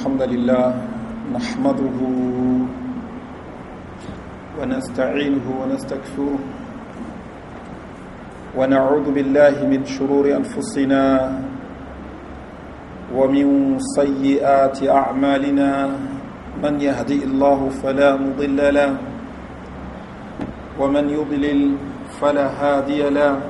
الحمد لله نحمده ونستعينه ونستكفره ونعوذ بالله من شرور أنفسنا ومن سيئات أعمالنا من يهدي الله فلا مضل له ومن يضلل فلا هادي له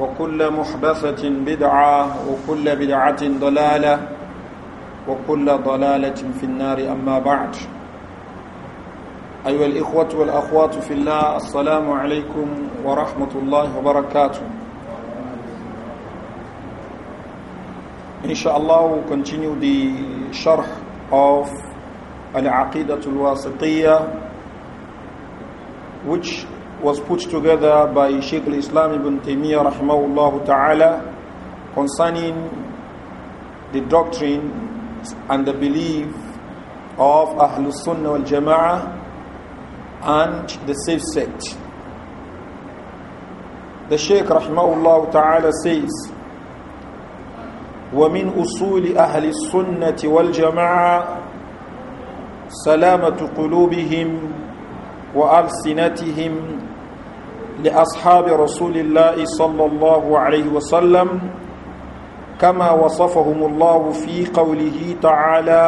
وكل محبثة بدعة وكل بدعة ضلالة وكل ضلالة في النار أما بعد أيها الإخوة والأخوات في الله السلام عليكم ورحمة الله وبركاته إن شاء الله continue the شرح of العقيدة الواسطية which was put together by Sheikh al-Islam ibn Taymiyyah rahimahullah ta'ala concerning the doctrine and the belief of Ahlul Sunnah wal Jama'ah and the safe sect. The Sheikh rahimahullah ta'ala says ومن أصول أهل السنة والجماعة سلامة قلوبهم وألسنتهم لأصحاب رسول الله صلى الله عليه وسلم كما وصفهم الله في قوله تعالى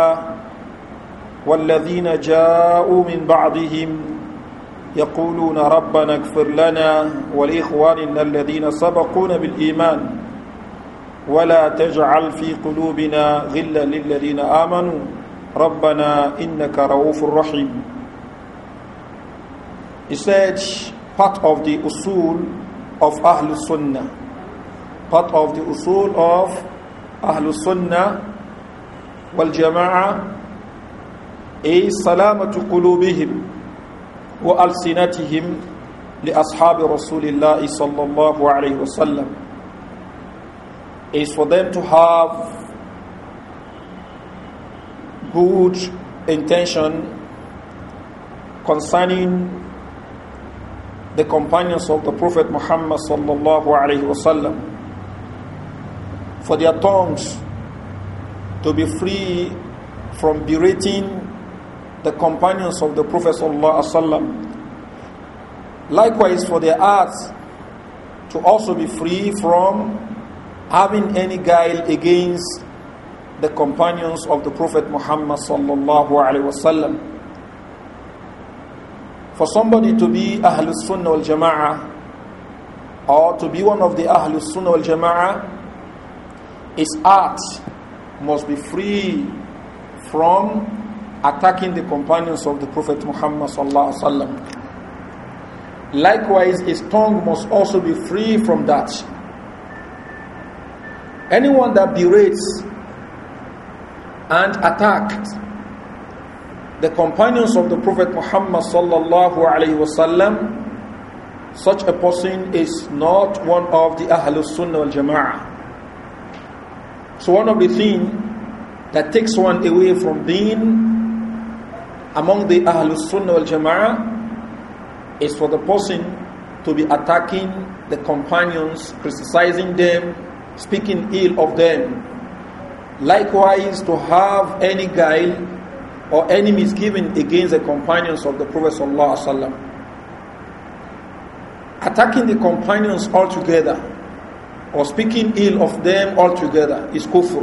والذين جاءوا من بعضهم يقولون ربنا اغفر لنا ولإخواننا الذين سبقونا بالإيمان ولا تجعل في قلوبنا غلا للذين آمنوا ربنا إنك رؤوف رحيم He said, part of the usul of Ahlul Sunnah. Part of the usul of Ahlul Sunnah wal Jama'ah is salamatu qulubihim wa al-sinatihim li ashabi الله sallallahu alayhi wa sallam. is for them to have good intention concerning the companions of the Prophet Muhammad sallallahu alaihi wasallam for their tongues to be free from berating the companions of the Prophet sallallahu alaihi wasallam. Likewise, for their hearts to also be free from having any guile against the companions of the Prophet Muhammad sallallahu alaihi wasallam for somebody to be Ahlul Sunnah wal Jama'ah or to be one of the Ahlul Sunnah wal Jama'ah, his heart must be free from attacking the companions of the Prophet Muhammad. Likewise, his tongue must also be free from that. Anyone that berates and attacks the companions of the Prophet Muhammad sallallahu alaihi wasallam, such a person is not one of the Ahlul Sunnah wal Jama'ah. So one of the things that takes one away from being among the Ahlul Sunnah wal Jama'ah is for the person to be attacking the companions, criticizing them, speaking ill of them. Likewise, to have any guile or enemies given against the companions of the Prophet ﷺ. Attacking the companions altogether or speaking ill of them altogether is kufr.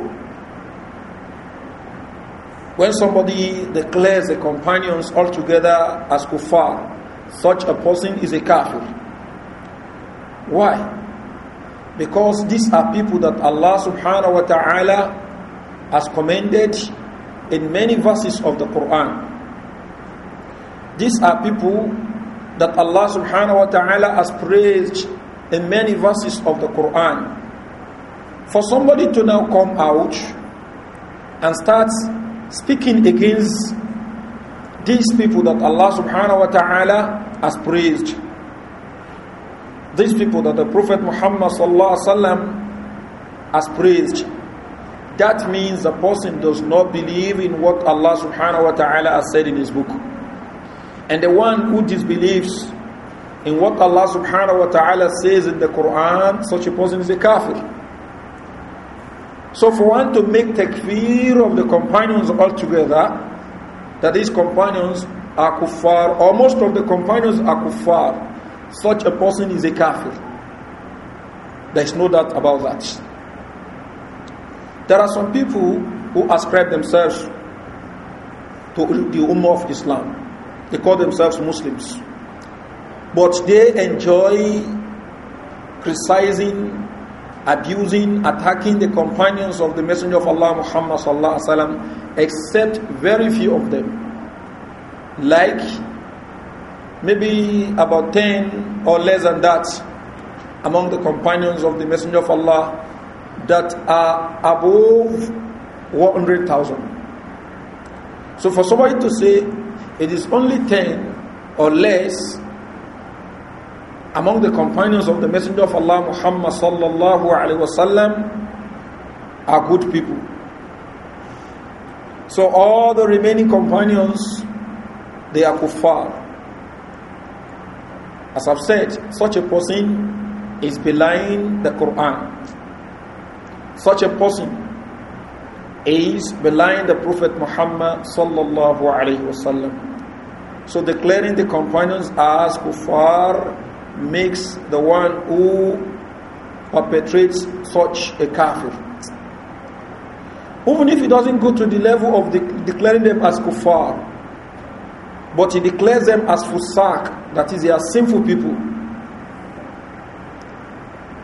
When somebody declares the companions altogether as kuffar, such a person is a kafir. Why? Because these are people that Allah subhanahu wa ta'ala has commended in many verses of the Quran. These are people that Allah subhanahu wa ta'ala has praised in many verses of the Quran. For somebody to now come out and start speaking against these people that Allah subhanahu wa ta'ala has praised, these people that the Prophet Muhammad sallallahu has praised, that means the person does not believe in what Allah subhanahu wa ta'ala has said in his book. And the one who disbelieves in what Allah subhanahu wa ta'ala says in the Quran, such a person is a kafir. So for one to make takfir of the companions altogether, that these companions are kuffar, or most of the companions are kuffar, such a person is a kafir. There is no doubt about that. There are some people who ascribe themselves to the Ummah of Islam. They call themselves Muslims. But they enjoy criticizing, abusing, attacking the companions of the Messenger of Allah Muhammad sallallahu except very few of them. Like maybe about 10 or less than that among the companions of the Messenger of Allah that are above 100,000. So for somebody to say it is only 10 or less among the companions of the Messenger of Allah Muhammad sallallahu alaihi wasallam are good people. So all the remaining companions they are kuffar. As I've said, such a person is belying the Quran. Such a person is belying the Prophet Muhammad sallallahu alaihi wasallam. So declaring the companions as kuffar makes the one who perpetrates such a kafir. Even if he doesn't go to the level of de declaring them as kuffar, but he declares them as fusak, that is, they are sinful people.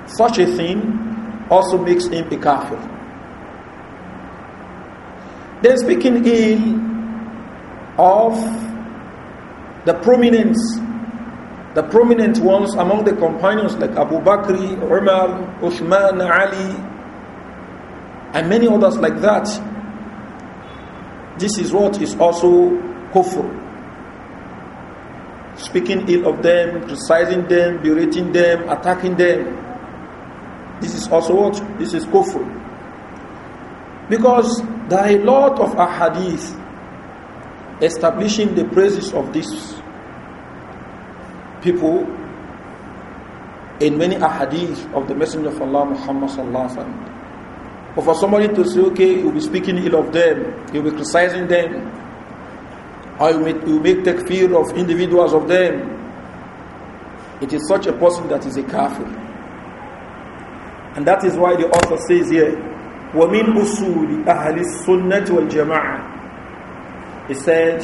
Such a thing also makes him a kafir. Then speaking ill of the prominence, the prominent ones among the companions like Abu Bakr, Umar, Uthman, Ali, and many others like that. This is what is also kufr speaking ill of them, criticizing them, berating them, attacking them. This is also what? This is kufr. Because there are a lot of ahadith establishing the praises of these people in many ahadith of the Messenger of Allah Muhammad sallallahu alaihi wasallam. But for somebody to say, okay, you'll be speaking ill of them, you'll be criticizing them, or you make, you make takfir of individuals of them, it is such a person that is a kafir. And that is why the author says here, وَمِنْ أُصُولِ أَهْلِ السُّنَّةِ وَالْجَمَاعَةِ He said,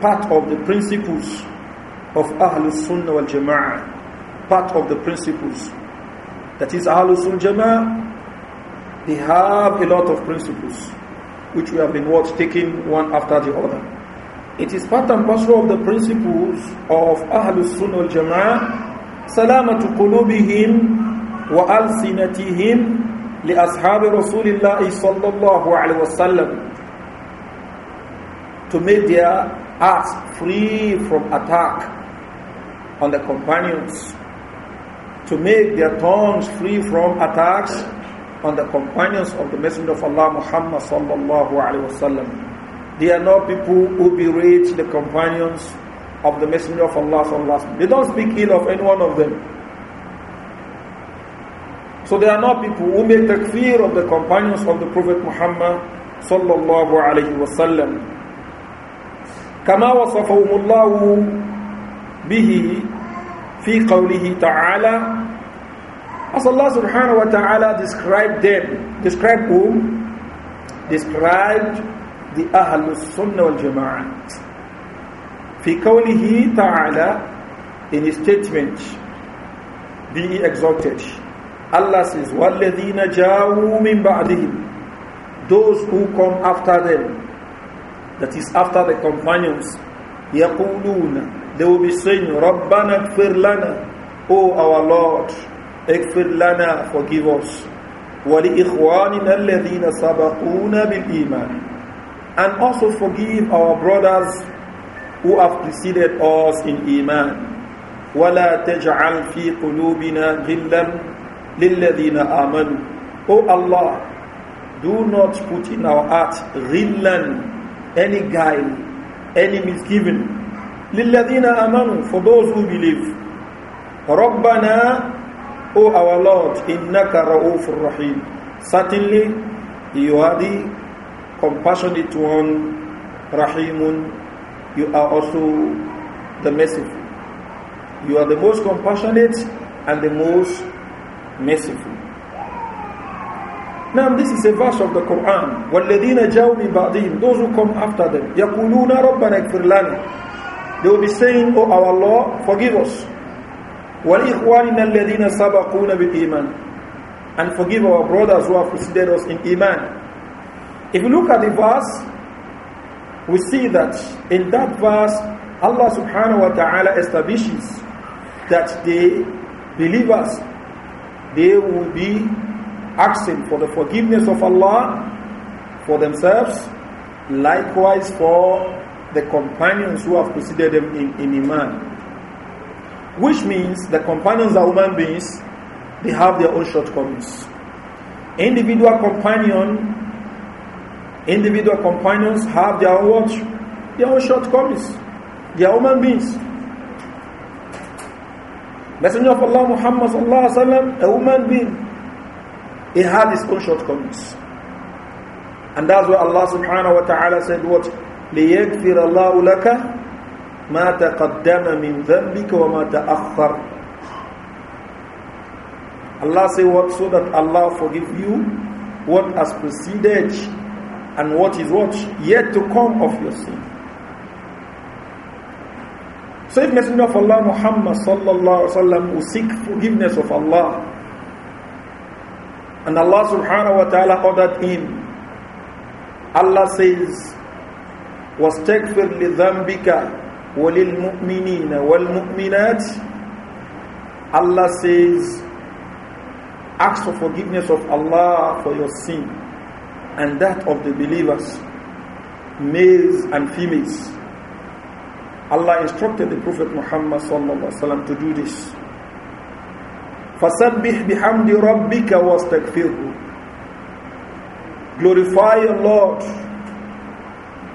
part of the principles of Ahlul Sunnah wal jama'a, part of the principles. That is Ahlul Sunnah Jama'ah, they have a lot of principles which we have been what taking one after the other. It is part and parcel of the principles of Ahlul Sunnah wal Jama'ah, salamatu qulubihim وألسنتهم لأصحاب رسول الله صلى الله عليه وسلم to make their hearts free from attack on the companions to make their tongues free from attacks on the companions of the Messenger of Allah Muhammad sallallahu wa sallam They are not people who berate the companions of the Messenger of Allah sallallahu They don't speak ill of any one of them. So there are not people who make takfir of the companions of the Prophet Muhammad sallallahu alayhi wa sallam. كما وصفهم الله به في قوله تعالى As Allah subhanahu wa ta'ala described them, described whom? Described the Ahlul Sunnah wal Jama'at. في قوله تعالى in his statement, be exalted. Allah says, وَالَّذِينَ جَاءُوا مِن بَعْدِهِمْ Those who come after them, that is after the companions, يَقُولُونَ They will be saying, رَبَّنَا اكْفِرْ لَنَا O our Lord, اكْفِرْ لَنَا Forgive us. وَلِإِخْوَانِنَا الَّذِينَ سَبَقُونَ بِالْإِيمَانِ And also forgive our brothers who have preceded us in Iman. وَلَا تَجْعَلْ فِي قُلُوبِنَا غِلًّا لِلَّذِينَ آمَنُوا O Allah, do not put in our hearts غِلًّا any guile, any misgiving. لِلَّذِينَ آمَنُوا For those who believe. رَبَّنَا O our Lord, إِنَّكَ رَؤُوفٌ رَحِيمٌ Certainly, you are the compassionate one, Rahimun. You are also the merciful. You are the most compassionate and the most merciful. Now this is a verse of the Quran. وَالَّذِينَ مِنْ بَعْدِهِمْ Those who come after them. يَقُولُونَ رَبَّنَا لَنَا They will be saying, Oh our Lord, forgive us. الَّذِينَ سَبَقُونَ بِالْإِيمَانِ And forgive our brothers who have preceded us in Iman. If you look at the verse, we see that in that verse, Allah subhanahu wa ta'ala establishes that the believers they will be asking for the forgiveness of Allah for themselves, likewise for the companions who have preceded them in, in Iman. Which means the companions are human beings, they have their own shortcomings. Individual companion, individual companions have their own, their own shortcomings. They are human beings. Messenger of Allah Muhammad sallallahu alaihi wasallam, a human being, he had his own shortcomings. And that's why Allah subhanahu wa ta'ala said what? لِيَكْفِرَ اللَّهُ لَكَ مَا تَقَدَّمَ مِنْ ذَنْبِكَ وَمَا تَأَخَّرَ Allah said what? So that Allah forgive you what has preceded and what is what? Yet to come of your sin. Said Messenger of Allah Muhammad sallallahu alaihi wasallam will seek forgiveness of Allah. And Allah subhanahu wa ta'ala ordered him. Allah says, واستغفر لذنبك وللمؤمنين والمؤمنات Allah says ask for forgiveness of Allah for your sin and that of the believers males and females Allah instructed the Prophet Muhammad wasallam to do this. فَسَبِّحْ بِحَمْدِ رَبِّكَ وَاسْتَكْفِرْهُ Glorify your Lord.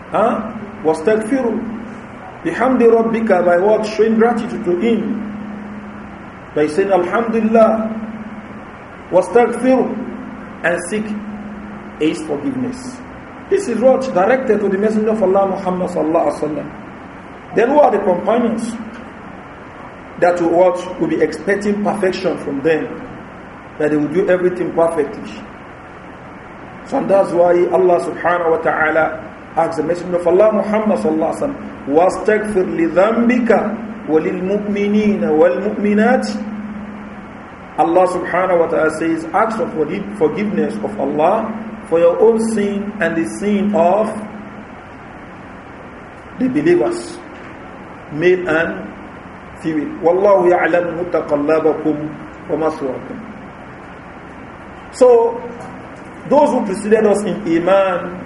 Huh? وَاسْتَكْفِرُ بِحَمْدِ رَبِّكَ By what? Showing gratitude to Him. By saying Alhamdulillah. وَاسْتَكْفِرُ And seek His forgiveness. This is what directed to the Messenger of Allah Muhammad sallallahu alaihi wasallam. Then who are the companions that will what will be expecting perfection from them? That they will do everything perfectly. So that's why Allah subhanahu wa ta'ala asks the Messenger of Allah Muhammad sallallahu alayhi wa sallam, وَاسْتَغْفِرْ لِذَنْبِكَ وَلِلْمُؤْمِنِينَ وَالْمُؤْمِنَاتِ Allah subhanahu wa ta'ala says, ask for forgiveness of Allah for your own sin and the sin of the believers male and female. Wallahu ya'lamu mutaqallabakum wa maswaakum. So, those who preceded us in Iman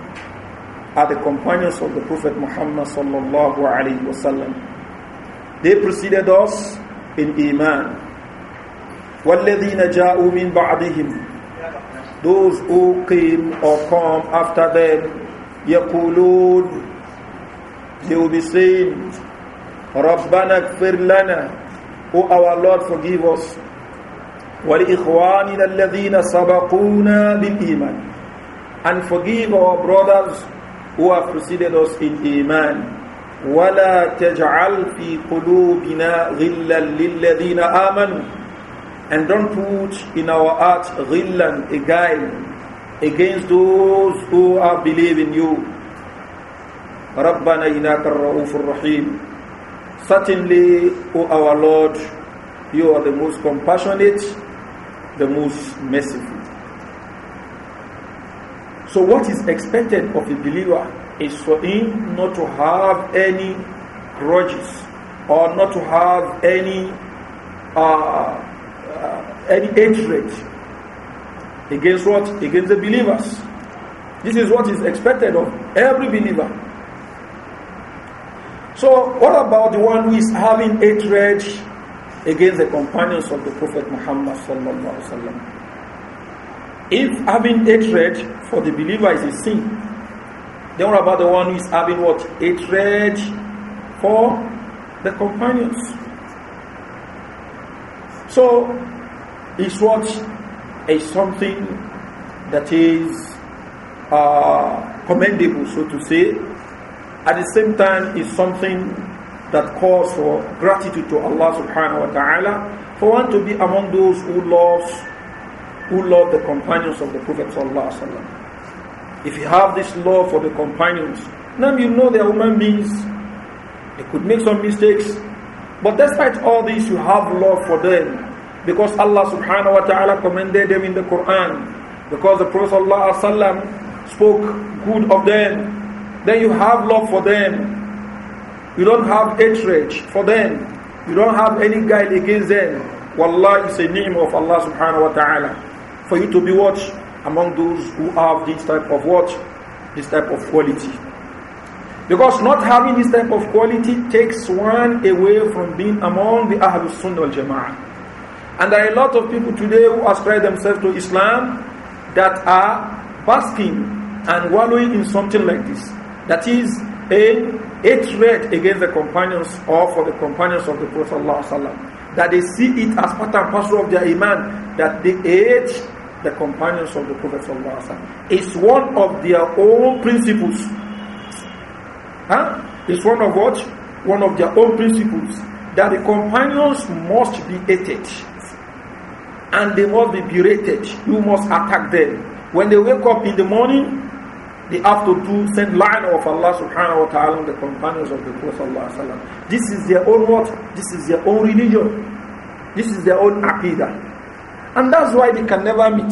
are the companions of the Prophet Muhammad sallallahu alayhi wasallam. They preceded us in Iman. وَالَّذِينَ جَاءُوا مِن بَعْدِهِمْ Those who came or come after them, يَقُولُونَ They will be saying, ربنا اغفر لنا O our Lord, forgive us. وَلِإِخْوَانِنَا الَّذِينَ سَبَقُونَا بِالْإِيمَانِ And forgive our brothers who have preceded us in Iman. وَلَا تَجْعَلْ فِي قُلُوبِنَا غِلًّا لِلَّذِينَ آمَنُوا And don't put in our hearts غِلًّا, a guile, against those who are believing you. رَبَّنَا إِنَّكَ الرَّؤُوفُ الرَّحِيمُ Certainly, O our Lord, you are the most compassionate, the most merciful. So, what is expected of a believer is for him not to have any grudges or not to have any uh, uh, any hatred against what against the believers. This is what is expected of every believer. So, what about the one who is having hatred against the companions of the Prophet Muhammad? If having hatred for the believer is a sin, then what about the one who is having what? Hatred for the companions. So, it's what is something that is uh, commendable, so to say, at the same time is something that calls for gratitude to Allah subhanahu wa ta'ala for one to be among those who loves who love the companions of the Prophet If you have this love for the companions, now you know they are human beings. They could make some mistakes, but despite all this, you have love for them because Allah subhanahu wa ta'ala commended them in the Quran because the Prophet spoke good of them then you have love for them. You don't have hatred for them. You don't have any guile against them. Wallah is a name of Allah subhanahu wa ta'ala. For you to be what? Among those who have this type of what? This type of quality. Because not having this type of quality takes one away from being among the Ahlul Sunnah wal Jama'ah. And there are a lot of people today who ascribe themselves to Islam that are basking and wallowing in something like this. That is a hatred against the companions or for the companions of the Prophet ﷺ. That they see it as part and parcel of their iman, that they hate the companions of the Prophet ﷺ. It's one of their own principles. Huh? It's one of what? One of their own principles. That the companions must be hated. And they must be berated. You must attack them. When they wake up in the morning, they have to do send line of Allah subhanahu wa ta'ala on the companions of the Prophet. This is their own what? This is their own religion. This is their own aqidah. And that's why they can never meet.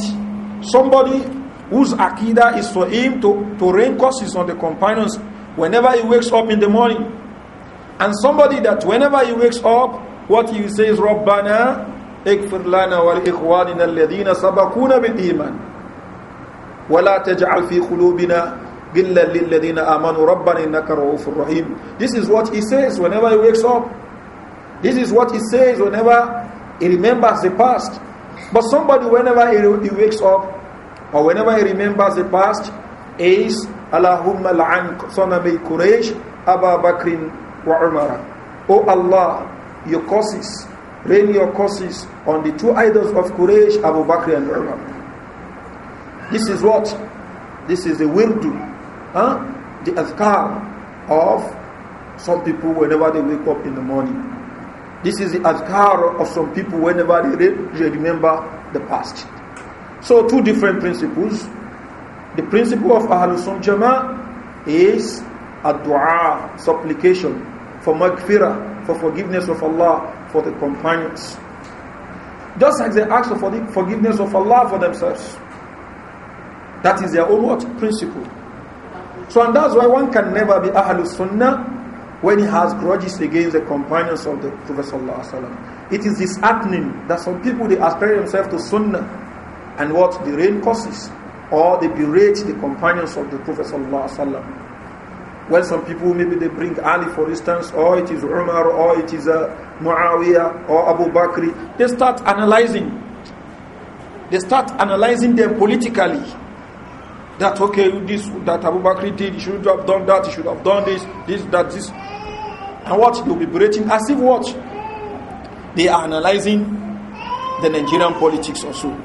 Somebody whose aqidah is for him to, to rain curses on the companions whenever he wakes up in the morning. And somebody that whenever he wakes up, what he says, Rabbana, اغفر لنا ولإخواننا الذين سبقونا بالإيمان ولا تجعل في قلوبنا غلا للذين امنوا ربنا انك رؤوف رحيم this is what he says whenever he wakes up this is what he says whenever he remembers the past but somebody whenever he, he wakes up or whenever he remembers the past is allahumma la'an sanami quraish aba bakrin wa umara oh allah your curses rain your curses on the two idols of quraish abu bakr and umar This is what? This is the wirdu, huh? the azkar of some people whenever they wake up in the morning. This is the azkar of some people whenever they, re remember the past. So two different principles. The principle of Ahlul Sunnah is a dua, supplication for maghfirah, for forgiveness of Allah, for the companions. Just like they ask for the forgiveness of Allah for themselves. That is their own what? Principle. So and that's why one can never be Ahlul Sunnah when he has grudges against the companions of the Prophet It is disheartening that some people they aspire themselves to Sunnah and what the rain causes or they berate the companions of the Prophet Sallallahu well, some people maybe they bring Ali, for instance, or it is Umar, or it is uh, Muawiyah, or Abu Bakr. They start analyzing. They start analyzing them politically that okay this that Abu Bakr did, he should have done that, he should have done this, this, that, this. And what they'll be berating as if what they are analyzing the Nigerian politics also.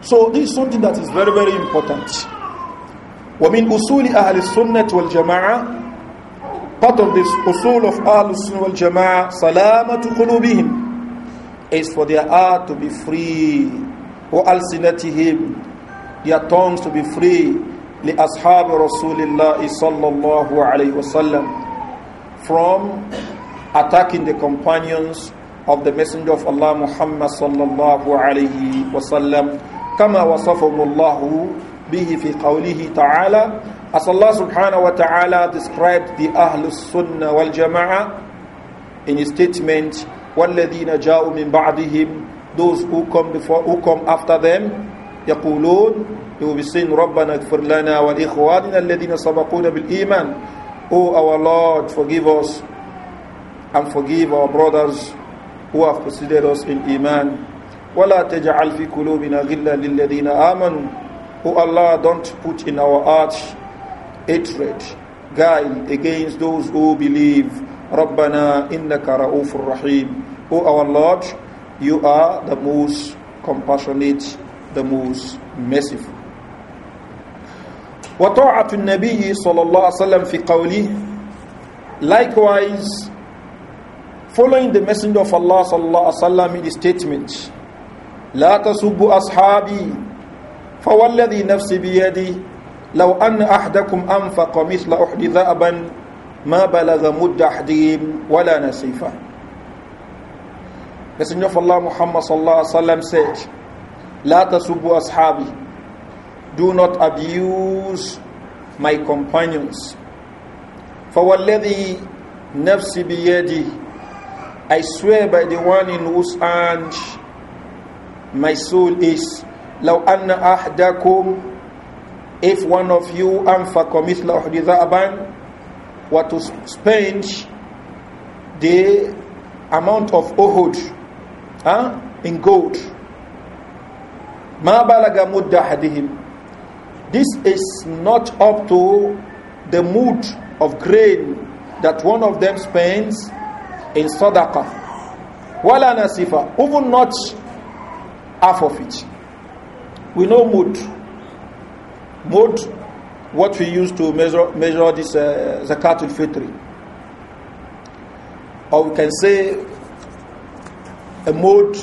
So this is something that is very, very important. ومن أصول أهل السنة والجماعة part of this أصول of أهل السنة والجماعة سلامة قلوبهم is for their heart to be free وألسنتهم their tongues to be free li ashab الله صلى الله عليه from attacking the companions of the messenger of Allah Muhammad sallallahu alayhi wasallam, kama كما bihi fi به taala as Allah subhanahu wa ta'ala described the Ahlus Sunnah wal Jama'ah in his statement وَالَّذِينَ جَاءُوا مِن بَعْدِهِمْ those who come before who come after them يقولون يوبسين ربنا اغفر لنا والإخواننا الذين سبقونا بالإيمان Oh our Lord forgive us and forgive our brothers who have preceded us in Iman ولا تجعل في قلوبنا غلا للذين آمنوا Oh Allah don't put in our hearts hatred guile against those who believe ربنا إنك رؤوف رحيم Oh our Lord you are the most compassionate the most merciful. وطاعة النبي صلى الله عليه وسلم في قوله Likewise, following the messenger of Allah صلى الله عليه وسلم in his statement لا تسبوا أصحابي فوالذي نفسي بيدي لو أن أحدكم أنفق مثل أحد ذأبا ما بلغ مد أحدهم ولا نسيفا Messenger of Allah Muhammad صلى الله عليه وسلم said La tasubu ashabi. Do not abuse my companions. فَوَالَّذِي نَفْسِ بِيَدِي I swear by the one in whose hand my soul is. لَوْ أَنَّ أَحْدَكُمْ If one of you أَنْفَقَ مِثْلَ أُحْدِ ذَأَبًا were to spend the amount of Uhud huh, in gold Ma balaga muddahadihim. This is not up to the mood of grain that one of them spends in sadaqah. Wala nasifa, even not half of it. We know mood. Mood, what we use to measure, measure this uh, zakat al-fitri. Or we can say a mode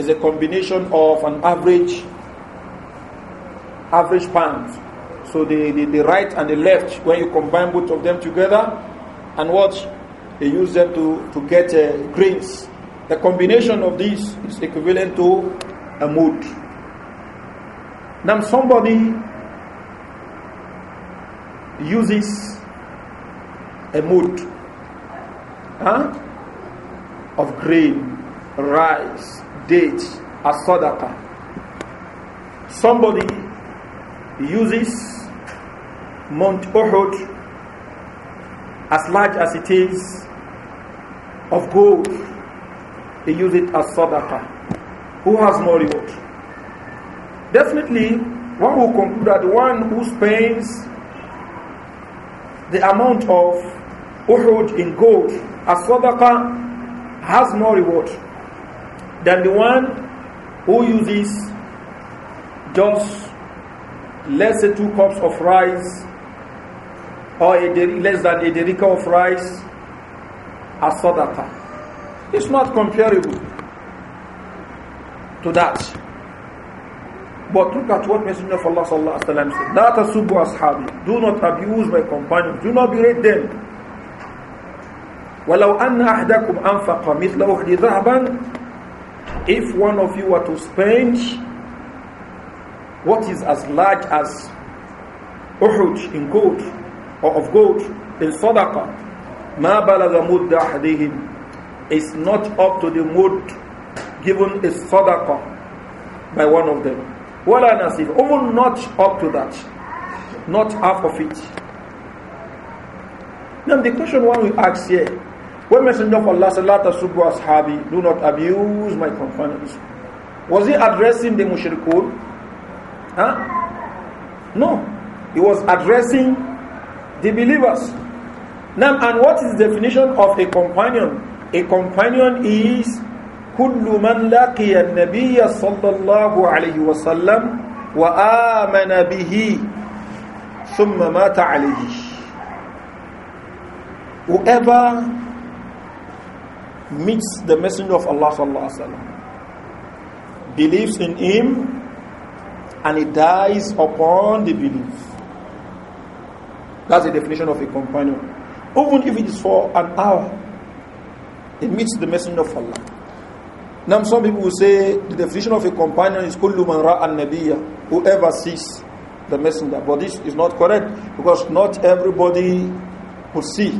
is a combination of an average average pound. So the, the, the right and the left, when you combine both of them together, and what they use them to, to get uh, grains. The combination of these is equivalent to a mood. Now somebody uses a mood huh? of grain, rice, date as sadaqah. Somebody uses Mount Uhud as large as it is of gold. He uses it as sadaqah. Who has more reward? Definitely, one will conclude that one who spends the amount of Uhud in gold as sadaqah has more reward than the one who uses just let's say two cups of rice or a, less than a derica of rice as sadaqah. It's not comparable to that. But look at what Messenger of Allah sallallahu alaihi wasallam said. La tasubu ashabi. Do not abuse my companions. Do not berate them. ولو أن أحدكم أنفق مثل أحد ذهبا if one of you were to spend what is as large as Uhud in gold or of gold in Sadaqah, ma balagha mudda ahdihim is not up to the mood given a Sadaqah by one of them. Wala nasif, even not up to that, not half of it. Now the question one we ask here when Messenger of Allah said, La tasubbu ashabi, do not abuse my companions. Was he addressing the mushrikun? Huh? No. He was addressing the believers. Now, and what is the definition of a companion? A companion is كل من لقي النبي صلى الله عليه وسلم وآمن به ثم مات عليه whoever meets the Messenger of Allah sallallahu believes in him, and he dies upon the belief. That's the definition of a companion. Even if it is for an hour, it meets the Messenger of Allah. Now, some people will say the definition of a companion is kullu man ra'an whoever sees the messenger. But this is not correct because not everybody could see.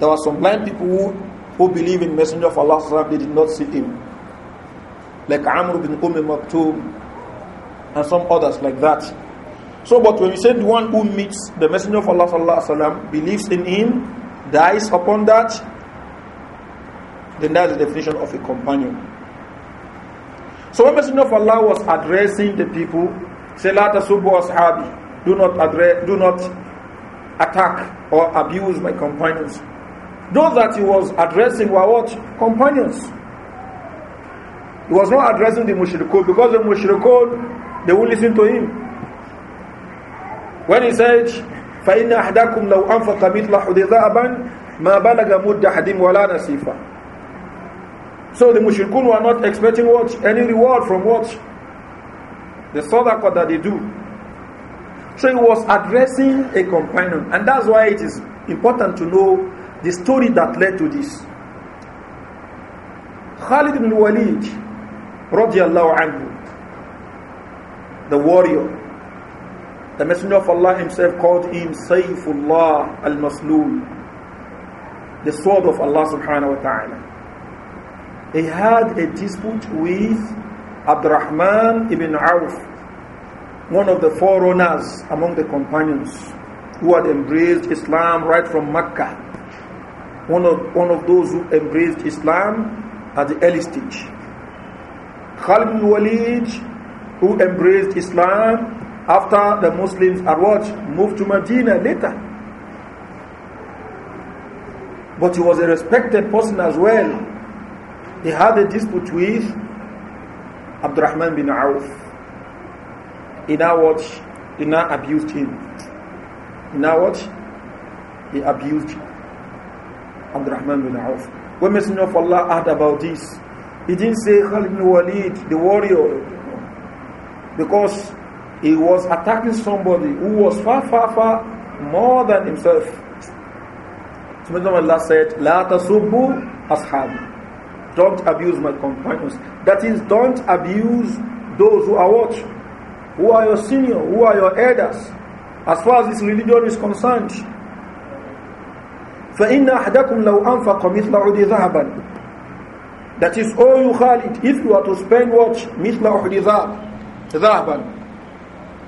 There were some blind people who who believe in Messenger of Allah, they did not see him. Like Amr bin Umm Maktoum and some others like that. So, but when we say the one who meets the Messenger of Allah, believes in him, dies upon that, then that's the definition of a companion. So, when Messenger of Allah was addressing the people, say, Ashabi, do not, address, do not attack or abuse my companions. Those that he was addressing were what? Companions. He was not addressing the mushrikun because the mushrikun, they will listen to him. When he said, فَإِنَّ أَحْدَكُمْ لَوْ أَنْفَقَ مِثْلَ حُدِذَابًا مَا بَلَغَ مُدَّ حَدِيمْ وَلَا نَسِيفًا So the mushrikun were not expecting what? Any reward from what? The sadaqah that they do. So he was addressing a companion. And that's why it is important to know the story that led to this. Khalid ibn Walid, radiallahu anhu, the warrior, the Messenger of Allah himself called him Sayfullah al Maslul, the sword of Allah subhanahu wa ta'ala. He had a dispute with Abdurrahman ibn Auf, one of the forerunners among the companions who had embraced Islam right from Mecca one of, one of those who embraced Islam at the early stage. Khalid bin Walid, who embraced Islam after the Muslims are what? Moved to Medina later. But he was a respected person as well. He had a dispute with Abdurrahman bin Auf. He now what? He now abused him. He now what? He abused him. Abdurrahman bin Auf. When Messenger of Allah heard about this, he didn't say Khalid bin Walid, the warrior, because he was attacking somebody who was far, far, far more than himself. So Messenger of Allah said, La tasubbu ashabi. Don't abuse my companions. That is, don't abuse those who are what? Who are your senior, who are your elders. As far as this religion is concerned, فإن أحدكم لو أنفق مثل عود ذهبا That is all you Khalid, if you are to spend what? مثل عود ذهب ذهبا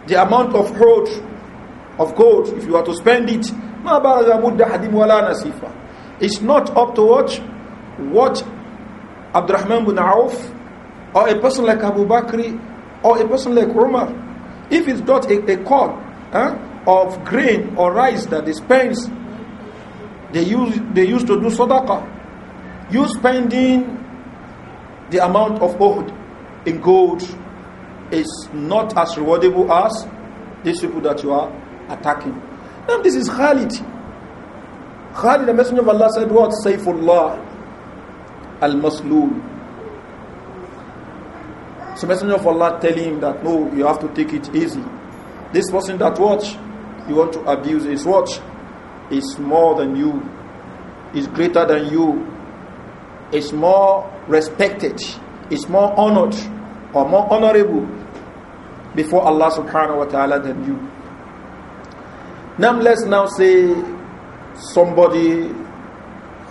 The amount of Uhud, of gold, if you are to spend it, ما بارز مدة حديم ولا نصيفة. It's not up to what? What عبد الرحمن بن عوف or a person like Abu Bakr, or a person like Umar, if it's not a, a call huh, of grain or rice that they They used, they used to do sadaqah. You spending the amount of Uhud in gold is not as rewardable as these people that you are attacking. Now this is Khalid. Khalid, the messenger of Allah said what? Saifullah al-Maslul. So messenger of Allah telling him that no, you have to take it easy. This person that watch, you want to abuse his watch is more than you, is greater than you, is more respected, is more honored or more honorable before Allah subhanahu wa ta'ala than you. Now let's now say somebody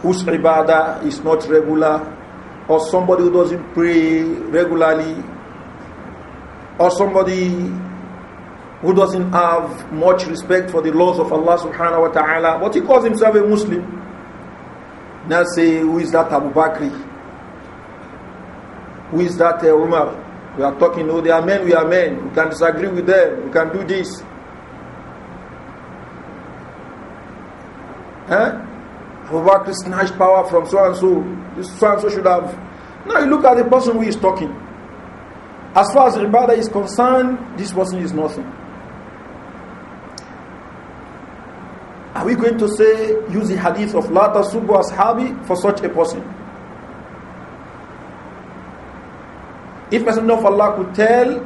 whose ibadah is not regular or somebody who doesn't pray regularly or somebody who doesn't have much respect for the laws of Allah subhanahu wa ta'ala, but he calls himself a Muslim. Now say, who is that Abu Bakr? Who is that uh, Umar? We are talking, oh, they are men, we are men. We can disagree with them. We can do this. Huh? Abu Bakr snatched power from so and so. This so and so should have. Now you look at the person who is talking. As far as ibadah is concerned, this person is nothing. Are we going to say, use the hadith of La subu Ashabi for such a person? If Messenger of Allah could tell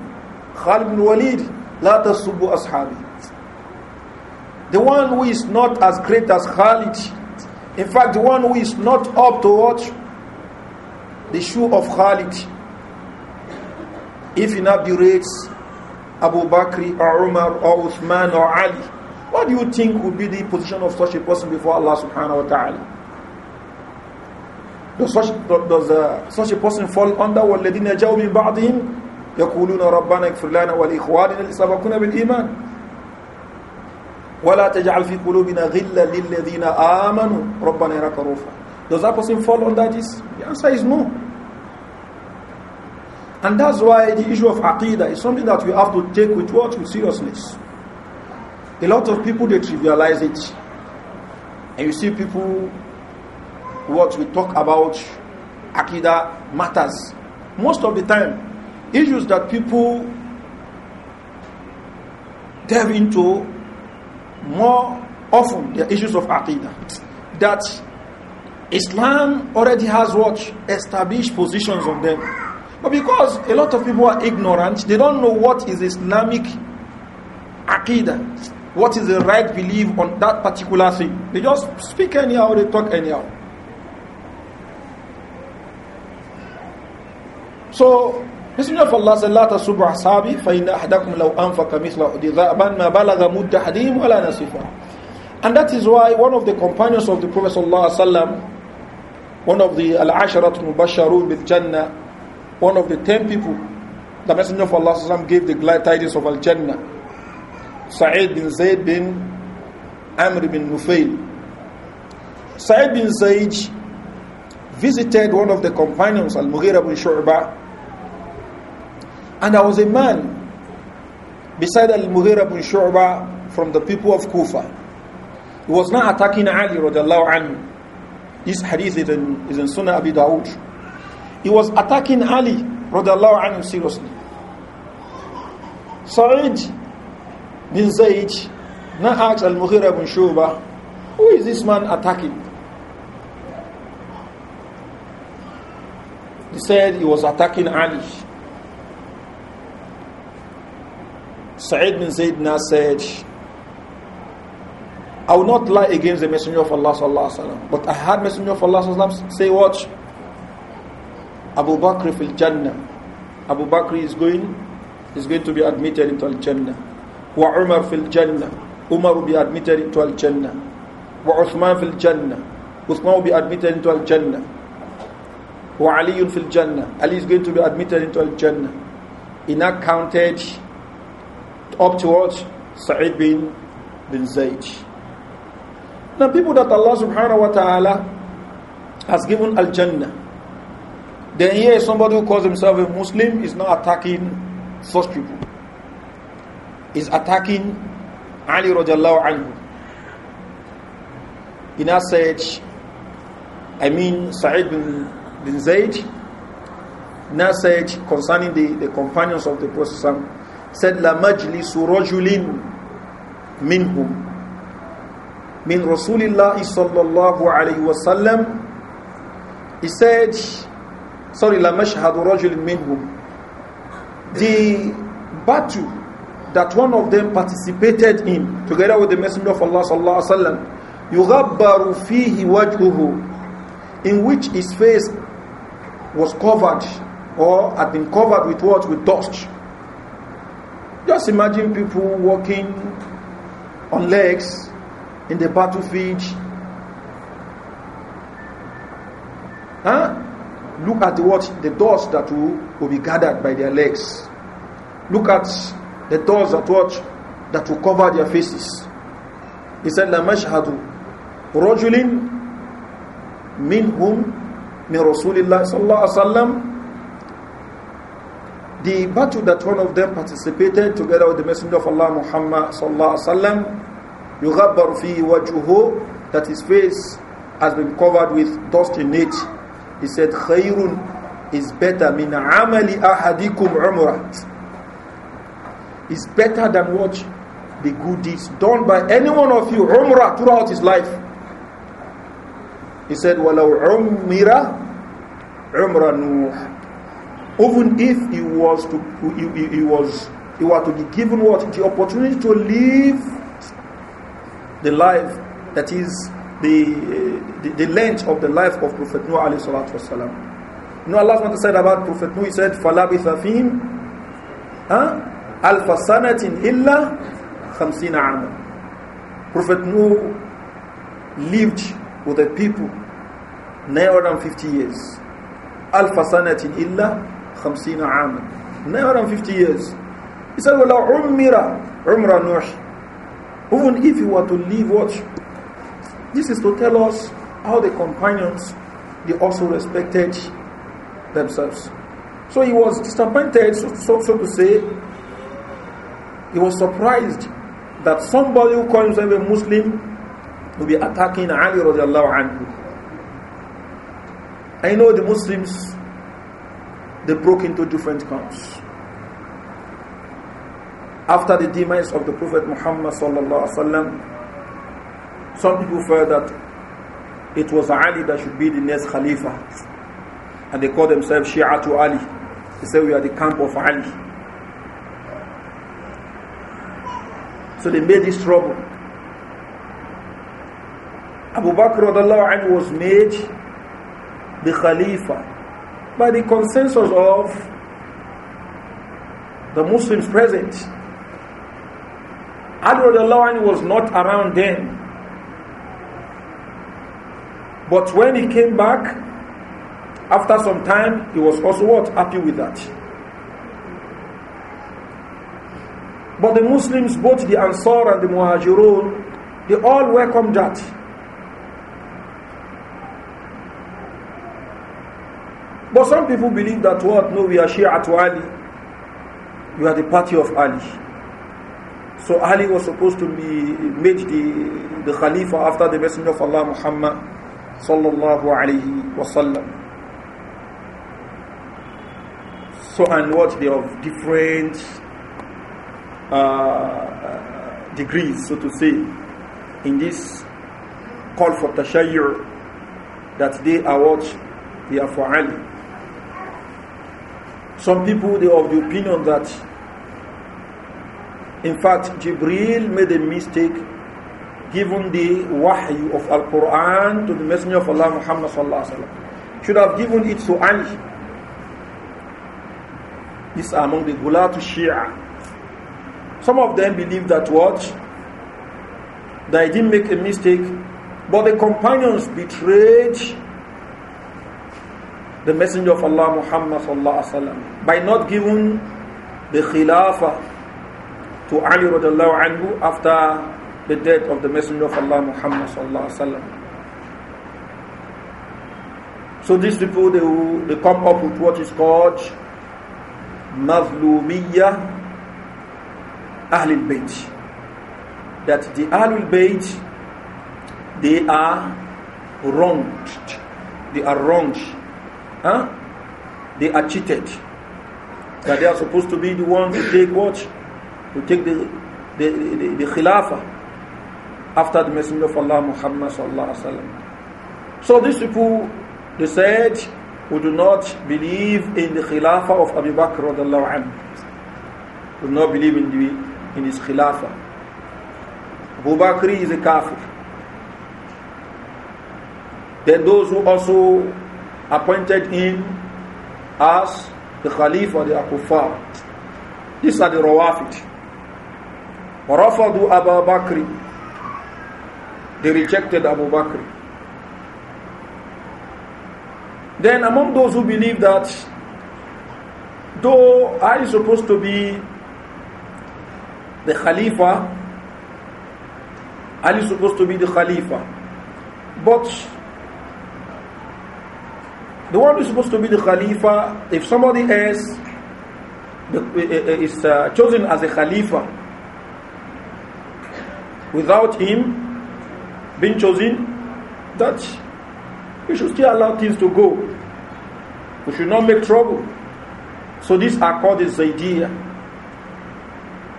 Khalid bin Walid, La subu Ashabi. The one who is not as great as Khalid, in fact, the one who is not up to watch The shoe of Khalid. If he now berates Abu Bakr or Umar or Uthman or Ali, what do you think would be the position of such a person before Allah subhanahu wa ta'ala? Does, such, does uh, such a person fall under وَالَّذِينَ جَاءُوا مِنْ بَعْضِهِمْ يقولون ربنا اغفر لنا ولإخواننا الذين سبقونا بالإيمان ولا تجعل في قلوبنا غلا للذين آمنوا ربنا إنك رؤوف Does that person fall under this? The answer is no. And that's why the issue of aqidah is something that we have to take with what? With seriousness. A lot of people they trivialize it. And you see people what we talk about akida matters. Most of the time, issues that people delve into more often the issues of akida. that Islam already has what established positions on them. But because a lot of people are ignorant, they don't know what is Islamic akida what is the right belief on that particular thing. They just speak anyhow, they talk anyhow. So, Messenger of Allah said, لا تسب أصحابي فإن أحدكم لو أنفق مثل ذهبا ما بلغ مد ولا نصيفا. And that is why one of the companions of the Prophet sallallahu alaihi wasallam, one of the al-asharat mubasharun Jannah, one of the ten people, the Messenger of Allah gave the glad tidings of al-Jannah. Sa'id bin Zaid bin Amr bin Nufail. Sa'id bin Zaid visited one of the companions, Al-Mughira bin Shu'ba, and there was a man beside Al-Mughira bin Shu'ba from the people of Kufa. He was not attacking Ali radiallahu anhu. This hadith is in, is in Sunnah Abi Dawud. He was attacking Ali radiallahu anhu seriously. Sa'id bin Zaid, now asked Al-Mughira bin Shuba, who is this man attacking? He said he was attacking Ali. Sa'id bin Zaid now said, I will not lie against the Messenger of Allah sallallahu alaihi wasallam, but I had Messenger of Allah sallallahu alaihi wasallam say what? Abu Bakr fil Jannah. Abu Bakr is going, is going to be admitted into Al Jannah. Wa Umar fil Jannah. Umar will be admitted into Al Jannah. Wa Uthman fil Jannah. Uthman will be admitted into Al Jannah. Wa Ali fil Jannah. Ali is going to be admitted into Al Jannah. In now counted up towards Sa'id bin, bin Zayd. Now, people that Allah subhanahu wa ta'ala has given Al Jannah. Then here somebody who calls himself a Muslim is not attacking such people. is attacking Ali radiallahu anhu. He now said, I mean Sa'id bin, bin Zayd, now said concerning the, the companions of the Prophet said, La majlisu rajulin minhum min Rasulillahi sallallahu alayhi wa sallam. He said, sorry, La mashhadu rajulin minhum. The battle that one of them participated in together with the messenger of Allah sallallahu alaihi wasallam in which his face was covered or had been covered with what with dust just imagine people walking on legs in the battlefield huh? look at what the dust that will, will be gathered by their legs look at the doors that watch that will cover their faces. He said, La mashhadu rajulin minhum min Rasulillah sallallahu alaihi wasallam. The battle that one of them participated together with the Messenger of Allah Muhammad sallallahu alaihi wasallam, yughabbar fi wajuhu that his face has been covered with dust in it. He said, Khairun is better min amali ahadikum umrah is better than what the good deeds done by any one of you umrah throughout his life he said walau umira umra nuh even if he was to he, he, he was he were to be given what the opportunity to live the life that is the, the, the length of the life of Prophet Noah alayhi salatu wasalam. You know Allah said about Prophet Nuh, he said, فَلَبِثَ huh? alfa sanatin illa khamsina amma. Prophet Nuh lived with the people 950 years. Alfa sanatin illa khamsina than 950 years. He said, "Wala umira umra Nuh." Even if you were to live what? This is to tell us how the companions they also respected themselves. So he was disappointed, so, so, so to say, he was surprised that somebody who calls himself a Muslim will be attacking Ali radiallahu anhu. I know the Muslims, they broke into different camps. After the demise of the Prophet Muhammad sallallahu alaihi wasallam, some people felt that it was Ali that should be the next Khalifa. And they called themselves Shia to Ali. They said we are the camp of Ali. So they made this trouble. Abu Bakr anhu was made the Khalifa by the consensus of the Muslims present. Ali anhu was not around then. But when he came back, after some time, he was also what? Happy with that. But the Muslims, both the Ansar and the Muhajirun, they all welcomed that. But some people believe that what? No, we are Shia to Ali. You are the party of Ali. So Ali was supposed to be made the, the Khalifa after the Messenger of Allah Muhammad sallallahu alayhi wasallam. So and what they have different uh, degrees, so to say, in this call for tashayyur that they award the they for Ali. Some people they are of the opinion that in fact Jibril made a mistake given the wahyu of Al Quran to the Messenger of Allah Muhammad Should have given it to Ali. This among the Gulatu Shia some of them believe that what? That I didn't make a mistake, but the companions betrayed the Messenger of Allah Muhammad by not giving the Khilafah to Ali anhu after the death of the Messenger of Allah Muhammad. So these people they, will, they come up with what is called mazlumiyah. Ahlul Bayt. That the Ahlul Bayt, they are wronged. They are wronged. Huh? They are cheated. That they are supposed to be the ones who take what? Who take the, the, the, the Khilafah after the Messenger of Allah Muhammad sallallahu So these people they said who do not believe in the Khilafah of Abu Bakr radallahu anhu. We do not believe in the in his Khilafah. Abu Bakr is a kafir. Then those who also appointed him as the Khalifa, the Akufar. These are the Rawafid. Rafadu Abu Bakr. They rejected Abu Bakr. Then among those who believe that though I is supposed to be the Khalifa, Ali is supposed to be the Khalifa. But the one who's supposed to be the Khalifa, if somebody else is uh, uh, chosen as a Khalifa, without him being chosen, that we should still allow things to go. We should not make trouble. So this accord is the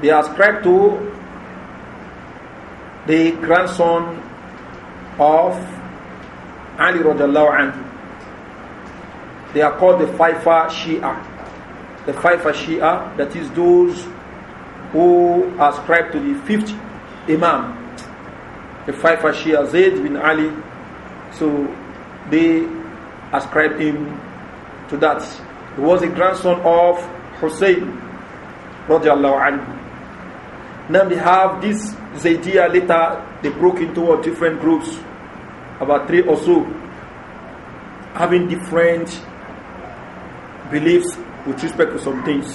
they ascribe to the grandson of Ali radiallahu anhu. They are called the Faifa Shia. The Faifa Shia, that is those who ascribe to the fifth Imam. The Faifa Shia Zaid bin Ali. So they ascribe him to that. He was a grandson of Hussein radiallahu anhu. Then they have this idea. later, they broke into different groups, about three or so, having different beliefs with respect to some things.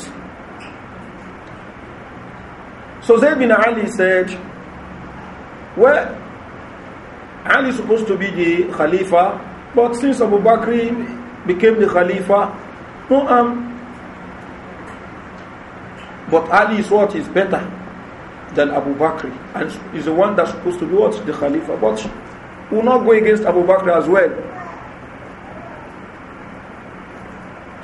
So Zayd bin Ali said, Well, Ali is supposed to be the Khalifa, but since Abu Bakr became the Khalifa, no, um, but Ali is what is better than Abu Bakr. And is the one that's supposed to be what? The Khalifa. But will not go against Abu Bakr as well.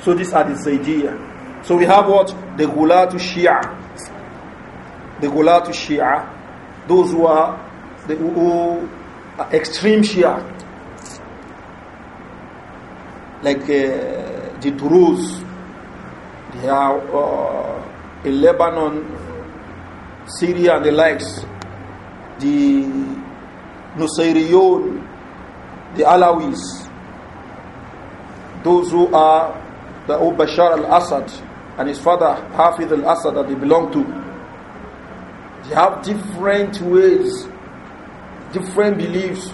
So these are the Zaydiyah. So we have what? The Gulatu Shia. The Gulatu Shia. Those who are, the, who are extreme Shia. Like uh, the Druze. They are uh, in Lebanon, Syria and the likes, the Nusayriyun, the Alawis, those who are the old Bashar al-Assad and his father Hafid al-Assad that they belong to. They have different ways, different beliefs.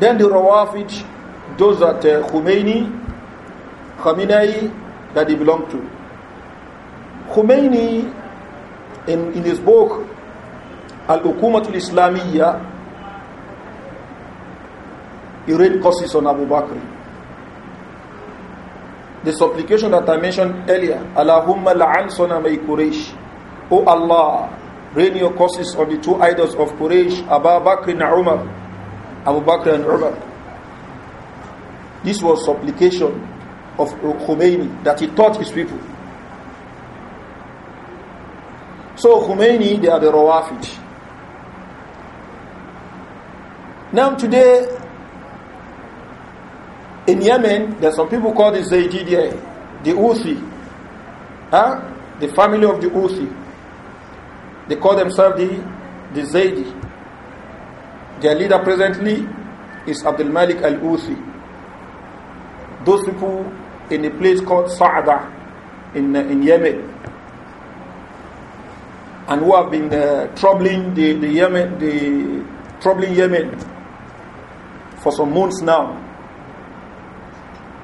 Then the Rawafid, those that uh, Khomeini, Khamenei, that they belong to. Khomeini, in, in his book, al al Islamiyya, he read courses on Abu Bakr. The supplication that I mentioned earlier, Allahumma la'an sonamay Quraysh. O Allah, rain your curses on the two idols of Quraysh, Abu Bakr and Umar. Abu Bakr and Umar. This was supplication of Khomeini that he taught his people. So Khomeini, they are the Rawafid. Now today, in Yemen, there are some people called the Zaydidia, the Uthi, huh? the family of the Uthi. They call themselves the, the Zaydi. Their leader presently is Abdul Malik al uthi Those people in a place called Sa'ada in, in Yemen, and who have been uh, troubling the, the Yemen, the troubling Yemen for some months now.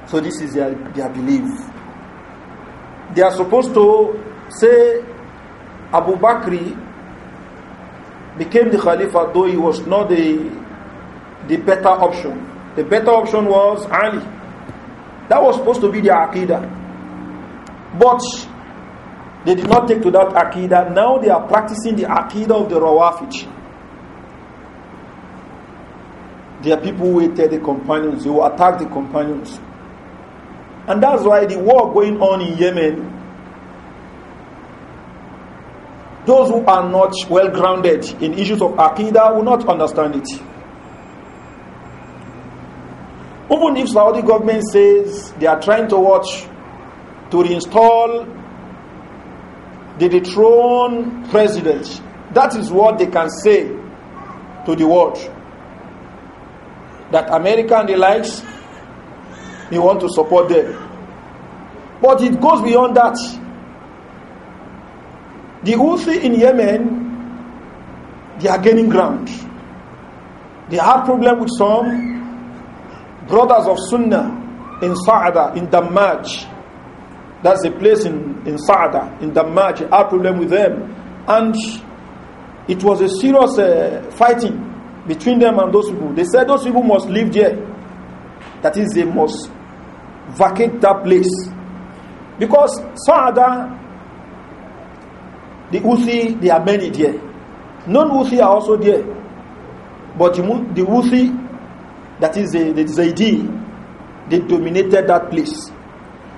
So this is their, their belief. They are supposed to say Abu Bakr became the Khalifa though he was not the the better option. The better option was Ali. That was supposed to be their Aqidah. But they did not take to that akida. Now they are practicing the akida of the Rawafij. There are people who hated the companions, who attack the companions. And that's why the war going on in Yemen, those who are not well grounded in issues of akida will not understand it. Even if Saudi government says they are trying to watch to reinstall the dethroned president. That is what they can say to the world. That America and the likes, we want to support them. But it goes beyond that. The Houthi in Yemen, they are gaining ground. They have problem with some brothers of Sunnah in Sa'ada, in Damaj, That's a place in, in Sa'da, in Damaj. I had problem with them. And it was a serious uh, fighting between them and those people. They said those people must live there. That is, they must vacate that place. Because Sa'ada, the Houthi, there are many there. Non Houthi are also there. But the Houthi, that is the, the Zaidi, they dominated that place.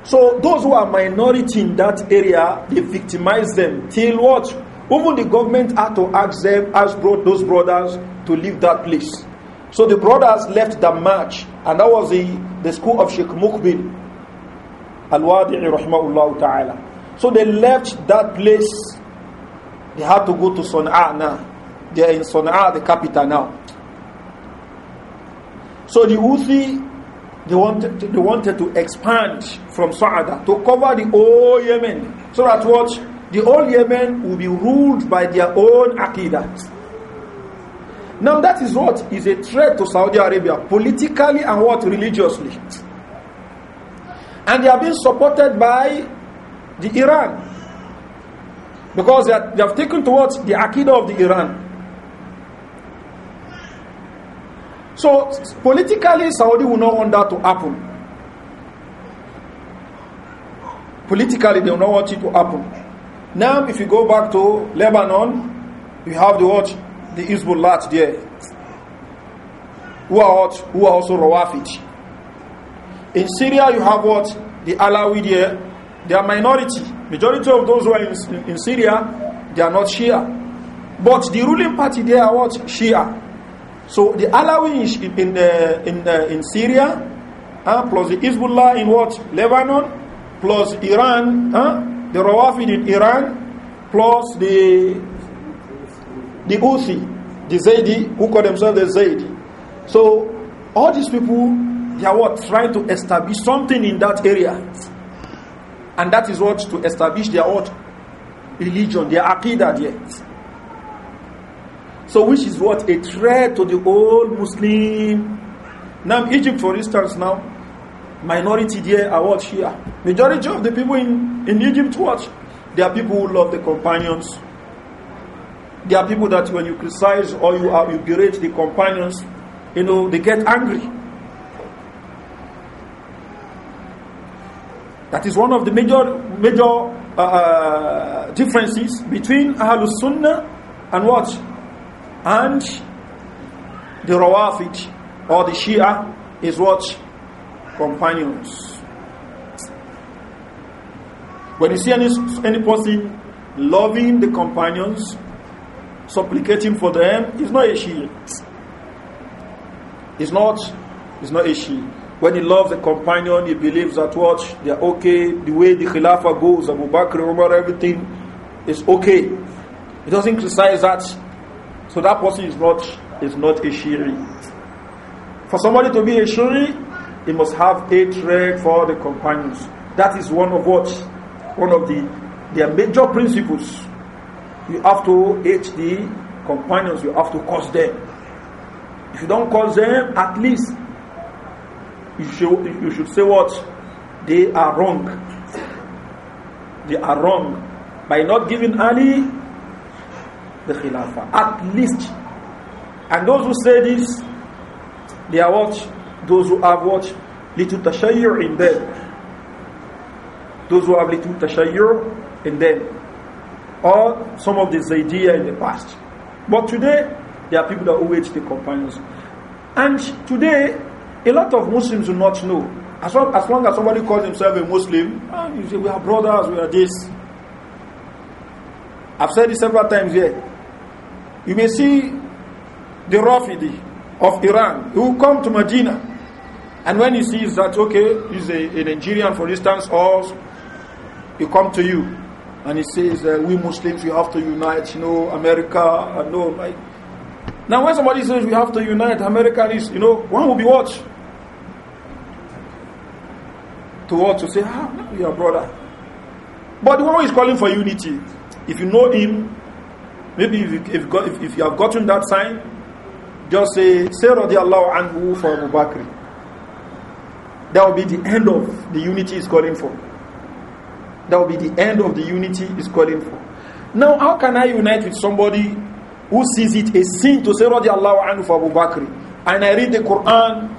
So those who are minority in that area, they victimize them till what? Even the government had to ask them, ask brought those brothers to leave that place. So the brothers left the march, and that was the, the school of Sheikh Mukbil Al-Wadi'i rahmahullah ta'ala. So they left that place. They had to go to Sana'a now. They are in Sana'a, the capital now. So the Houthi they wanted to, they wanted to expand from Saada to cover the whole Yemen so that what the whole Yemen will be ruled by their own Aqidah. Now that is what is a threat to Saudi Arabia politically and what religiously. And they are being supported by the Iran because they, are, they have taken towards the Aqidah of the Iran So politically, Saudi will not want that to happen. Politically, they will not want it to happen. Now, if you go back to Lebanon, you have the what? The Hezbollah there. Who are what? Who are also Rawafid. In Syria, you have what? The Alawi there. They are minority. Majority of those who are in, in Syria, they are not Shia. But the ruling party there are what? Shia. So the Alawish in in, uh, in, uh, in Syria, uh, plus the Hezbollah in what Lebanon, plus Iran, uh, the Rawafid in Iran, plus the the Houthi, the Zaidi who call themselves the Zaidi. So all these people, they are what trying to establish something in that area, and that is what to establish their what religion, their aqidah, yet. So, which is what? A threat to the old Muslim. Now, Egypt, for instance, now, minority there are what? Shia. Majority of the people in, in Egypt, watch. They are people who love the companions. There are people that when you criticize or you, are, you berate the companions, you know, they get angry. That is one of the major major uh, uh differences between Ahlus Sunnah and what? And the Rawafid or the Shia is what? Companions. When you see any, any person loving the companions, supplicating for them, it's not a Shia. It's not, it's not a Shia when he loves a companion, he believes that what they are okay, the way the Khilafah goes, Abu Bakr, Umar, everything is okay. He doesn't criticize that. So that person is not is not a shiri. For somebody to be a shiri, he must have hatred for the companions. That is one of what one of the their major principles. You have to hate the companions. You have to curse them. If you don't curse them, at least you should you should say what they are wrong. They are wrong by not giving Ali the Khilafah. At least. And those who say this, they are what? Those who have what? Little tashayyur in them. Those who have little tashayyur in them. Or some of the idea in the past. But today, there are people that await the companions. And today, a lot of Muslims do not know. As long as, long as somebody calls himself a Muslim, ah, you say, we are brothers, we are this. I've said this several times here. You may see the Rafidi of Iran who come to Medina, and when he sees that, okay, he's a, a Nigerian, for instance, or he come to you and he says, uh, we Muslims, we have to unite, you know, America, uh, no, like, now, when somebody says we have to unite, America is, you know, one will be what? To what? To say, ah, we are brother. But the one who is calling for unity, if you know him, Maybe if you, if, got, if, if you have gotten that sign, just say, say radiallahu anhu for Abu Bakr. That will be the end of the unity is calling for. That will be the end of the unity is calling for. Now, how can I unite with somebody who sees it a sin to say radiallahu anhu for Abu Bakr? And I read the Quran,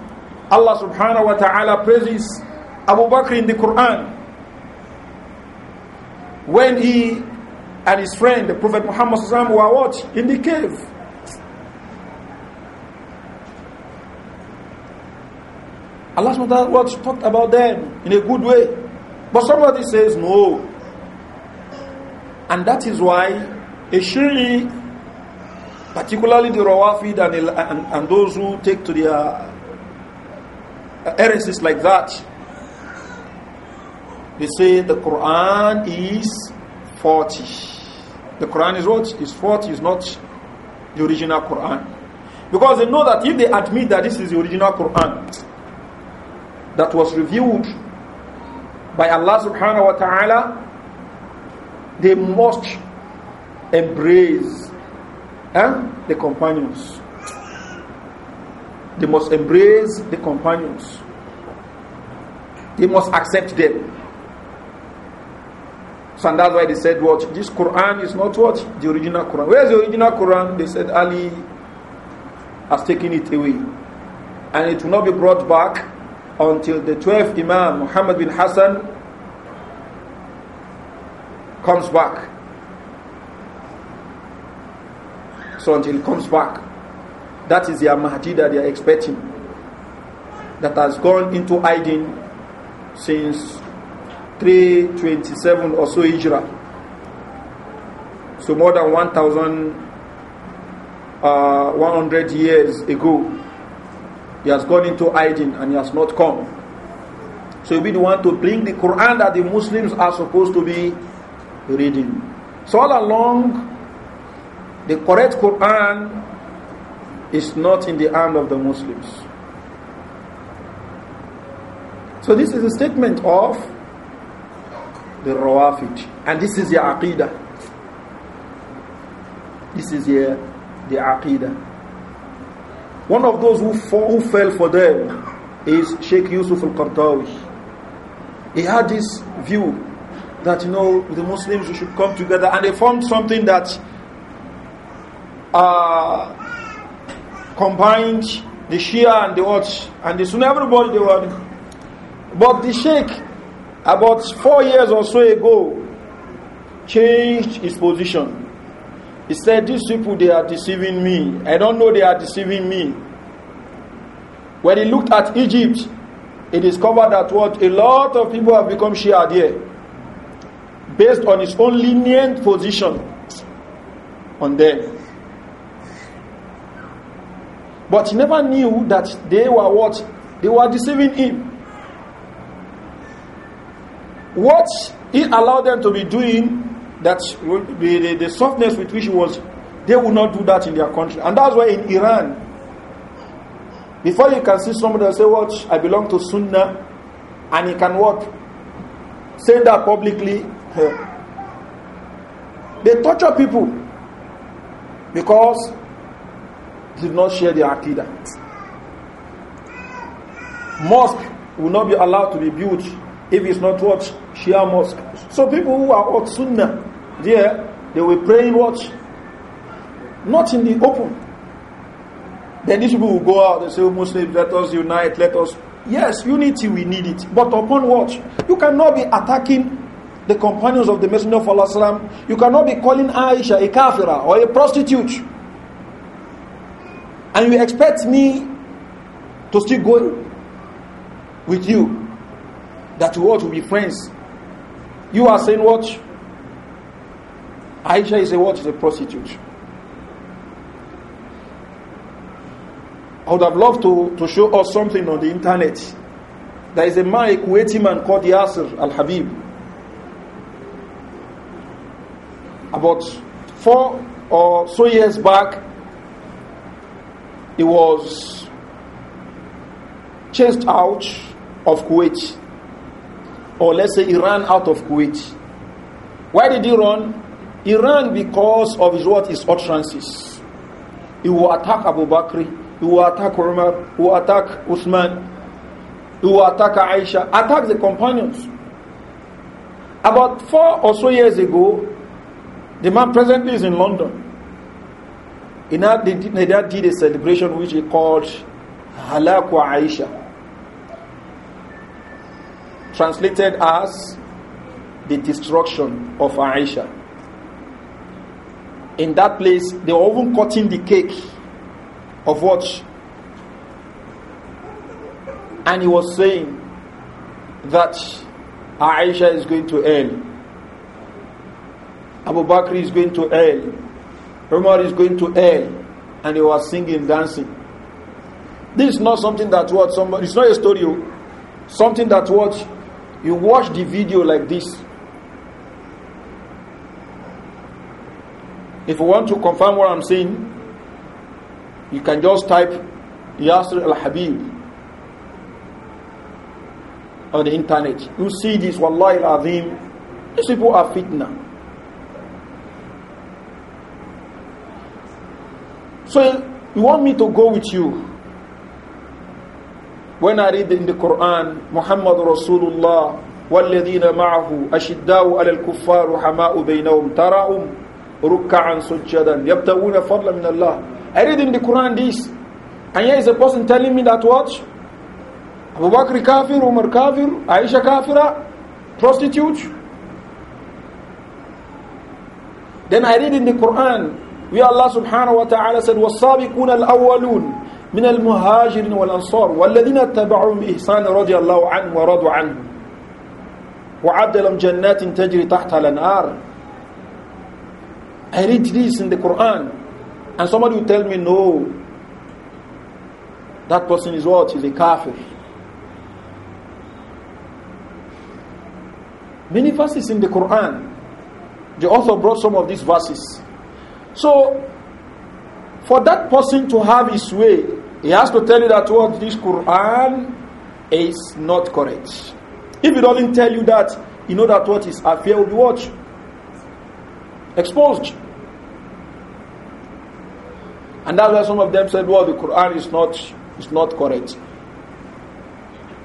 Allah subhanahu wa ta'ala praises Abu Bakr in the Quran. When he and his friend, the Prophet Muhammad were what? In the cave. Allah subhanahu talked about them in a good way. But somebody says no. And that is why a Shiri, particularly the Rawafid and, and, and, those who take to their uh, heresies like that, they say the Quran is 40. The Quran is what? Is is fourth is not the original Quran. Because they know that if they admit that this is the original Quran that was revealed by Allah subhanahu wa ta'ala, they must embrace eh, the companions. They must embrace the companions. They must accept them. So and that's why they said, what? This Quran is not what? The original Quran. Where's the original Quran? They said, Ali has taken it away. And it will not be brought back until the 12th Imam, Muhammad bin Hassan, comes back. So until he comes back, that is the Mahdi that they are expecting. That has gone into hiding since 327 or so Hijra. So more than 1,100 uh, years ago, he has gone into hiding and he has not come. So we be the to bring the Quran that the Muslims are supposed to be reading. So all along, the correct Quran is not in the hand of the Muslims. So this is a statement of the Rawafid. And this is the Aqidah. This is the, the Aqidah. One of those who, fall, who fell for them is Sheikh Yusuf al-Qardawi. He had this view that, you know, the Muslims should come together and they formed something that uh, combined the Shia and the Watch and the Sunnah. Everybody they were. But the Sheikh about four years or so ago, changed his position. He said, These people, they are deceiving me. I don't know they are deceiving me. When he looked at Egypt, he discovered that what a lot of people have become Shia there based on his own lenient position on them. But he never knew that they were what? They were deceiving him. what he allowed them to be doing, that the, the, the softness with which he was, they would not do that in their country. And that's why in Iran, before you can see somebody and say, Watch, I belong to Sunnah, and he can walk, say that publicly. they torture people because they did not share their Aqidah. Mosque will not be allowed to be built if it's not what Shia mosque. So people who are out Sunnah, there, they were praying what? Not in the open. Then these people will go out and say, oh, Muslims, let us unite, let us. Yes, unity, we need it. But upon what? You cannot be attacking the companions of the Messenger of Allah. You cannot be calling Aisha a kafira or a prostitute. And you expect me to still go with you. That we ought to be friends. You are saying what? Aisha is a what? Is a prostitute. I would have loved to, to show us something on the internet. There is a man, a Kuwaiti man called Yasser Al Habib. About four or so years back, he was chased out of Kuwait or let's say Iran out of Kuwait. Why did he run? Iran because of his what his utterances. He will attack Abu Bakr, he will attack Umar, he will attack Uthman, he will attack Aisha, attack the companions. About four or so years ago, the man presently is in London. In that, they, did, they did a celebration which he called Halaku Aisha. translated as the destruction of Aisha. In that place, they were even cutting the cake of what? And he was saying that Aisha is going to hell. Abu Bakr is going to hell. Umar is going to hell. And he was singing, dancing. This is not something that what somebody, it's not a story, oh. something that what you watch the video like this. If you want to confirm what I'm saying, you can just type Yasir al Habib on the internet. You see this, wallahi al azim. These people are fitna. So you want me to go with you? when I read in the Quran, Muhammad Rasulullah, والذين معه أشداء على الكفار حماء بينهم تراهم ركعا سجدا يبتغون فضلا من الله I read in the Quran this and here is a person telling me that what Abu Bakr kafir, Umar kafir, Aisha kafira, prostitute then I read in the Quran we Allah subhanahu wa ta'ala said وَالصَّابِقُونَ الْأَوَّلُونَ من المهاجرين والأنصار والذين اتبعوهم بإحسان رضي الله عنهم ورضوا عنه وعد لهم جنات تجري تحتها الأنهار I read this in the Quran and somebody will tell me no that person is what is a kafir many verses in the Quran the author brought some of these verses so for that person to have his way he has to tell you that what this Quran is not correct. If he doesn't tell you that, you know that what is affair will be what? Exposed. And that's why some of them said, well, the Quran is not, is not correct.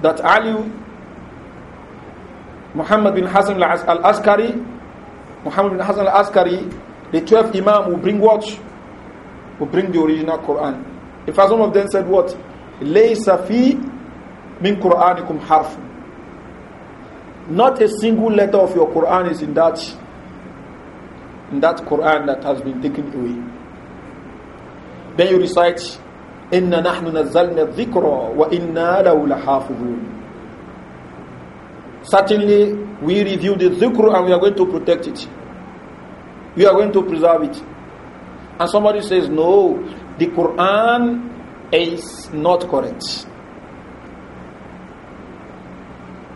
That Ali, Muhammad bin Hassan al-Askari, Muhammad bin Hassan al-Askari, the 12th Imam will bring what? Will bring the original Quran. In fact, some of them said what? Laysa fi min Qur'anikum harf? Not a single letter of your Quran is in that, in that Quran that has been taken away. Then you recite, Inna إِنَّا نَحْنُ نَزَّلْنَا wa inna لَهُ harfum. Certainly, we review the zikr and we are going to protect it. We are going to preserve it. And somebody says, No, the Quran is not correct.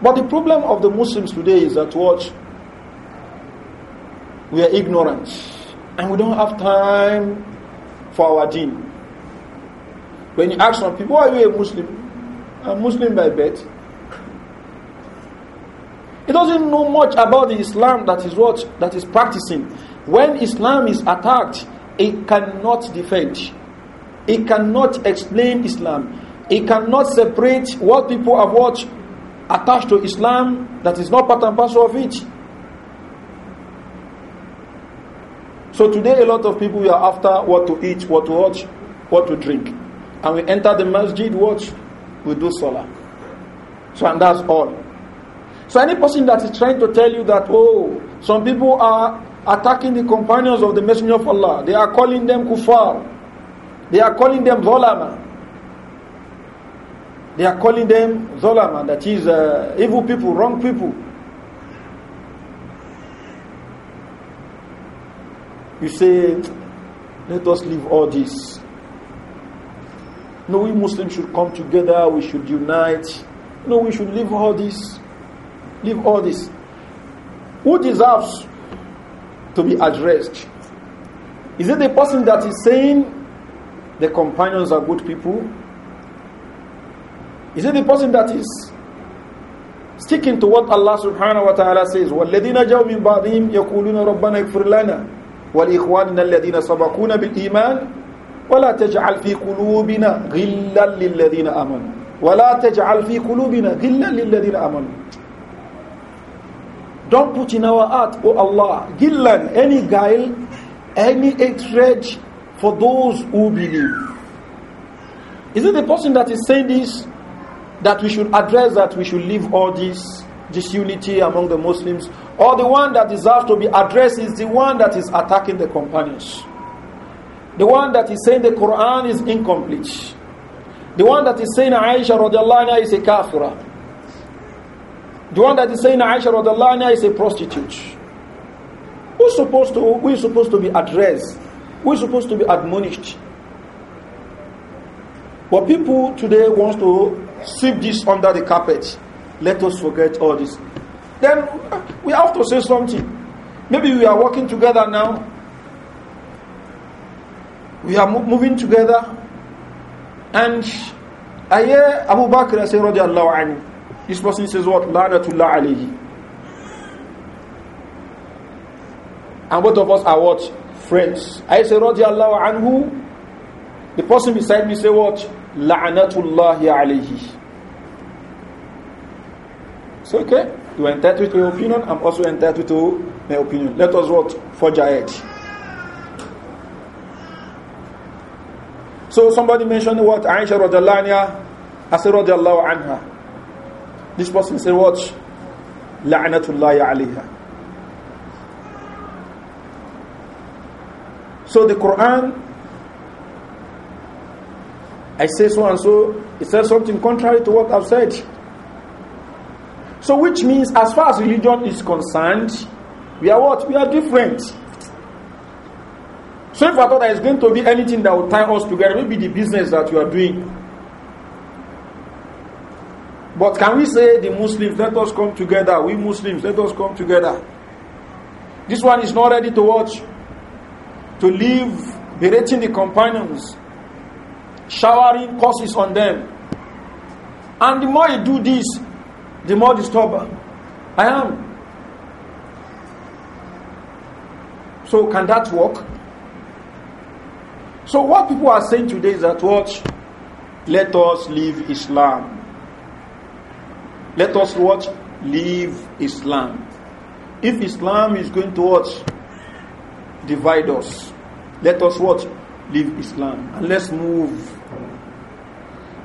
But the problem of the Muslims today is that what we are ignorant and we don't have time for our deen. When you ask some people, are you a Muslim? I'm Muslim by birth. He doesn't know much about the Islam that is what that is practicing. When Islam is attacked, it cannot defend. It cannot explain Islam. It cannot separate what people have watched attached to Islam that is not part and parcel of it. So today a lot of people we are after what to eat, what to watch, what to drink. And we enter the masjid, watch, we do salah. So and that's all. So any person that is trying to tell you that, oh, some people are attacking the companions of the Messenger of Allah, they are calling them kuffar. They are calling them Zolama. They are calling them Zolama, that is uh, evil people, wrong people. You say, let us leave all this. No, we Muslims should come together, we should unite. No, we should leave all this. Leave all this. Who deserves to be addressed? Is it the person that is saying the companions are good people? Is it the person that is sticking to what Allah subhanahu wa ta'ala says, وَالَّذِينَ جَوْا مِنْ بَعْضِهِمْ يَقُولُونَ رَبَّنَا اغْفِرْ لَنَا وَالْإِخْوَانِنَا الَّذِينَ سَبَقُونَ بِالْإِيمَانِ ولا تجعل في قلوبنا غلا للذين امنوا ولا تجعل في قلوبنا غلا للذين امنوا don't put in our heart O oh Allah gillan any guile any hatred for those who believe. Is it the person that is saying this that we should address that we should leave all this disunity among the Muslims? Or the one that deserves to be addressed is the one that is attacking the companions? The one that is saying the Quran is incomplete. The one that is saying Aisha radiallahu anha is a kafira. The one that is saying Aisha radiallahu anha is a prostitute. Who's supposed to who is supposed to be addressed? We're supposed to be admonished. But people today want to sweep this under the carpet. Let us forget all this. Then we have to say something. Maybe we are working together now. We are mo moving together. And I hear Abu Bakr say, radiallahu anhu. This person says what? La'natullah alayhi. And both of us are what? friends. I say, radiallahu anhu, the person beside me say what? La'anatullahi alayhi. It's okay. You are entitled to your opinion. I'm also entitled to my opinion. Let us what? Forge ahead. So somebody mentioned what? Aisha radiallahu anha. I said radiallahu anha. This person said what? La'anatullahi alayha. So the Quran, I say so and so, it says something contrary to what I've said. So, which means, as far as religion is concerned, we are what? We are different. So, if I thought there is going to be anything that will tie us together, maybe the business that you are doing. But can we say, the Muslims, let us come together? We Muslims, let us come together. This one is not ready to watch to live berating the companions, showering curses on them. And the more you do this, the more disturbed I am. So, can that work? So, what people are saying today is that, watch, let us leave Islam. Let us watch, leave Islam. If Islam is going to watch, divide us. Let us what? Leave Islam. And let's move.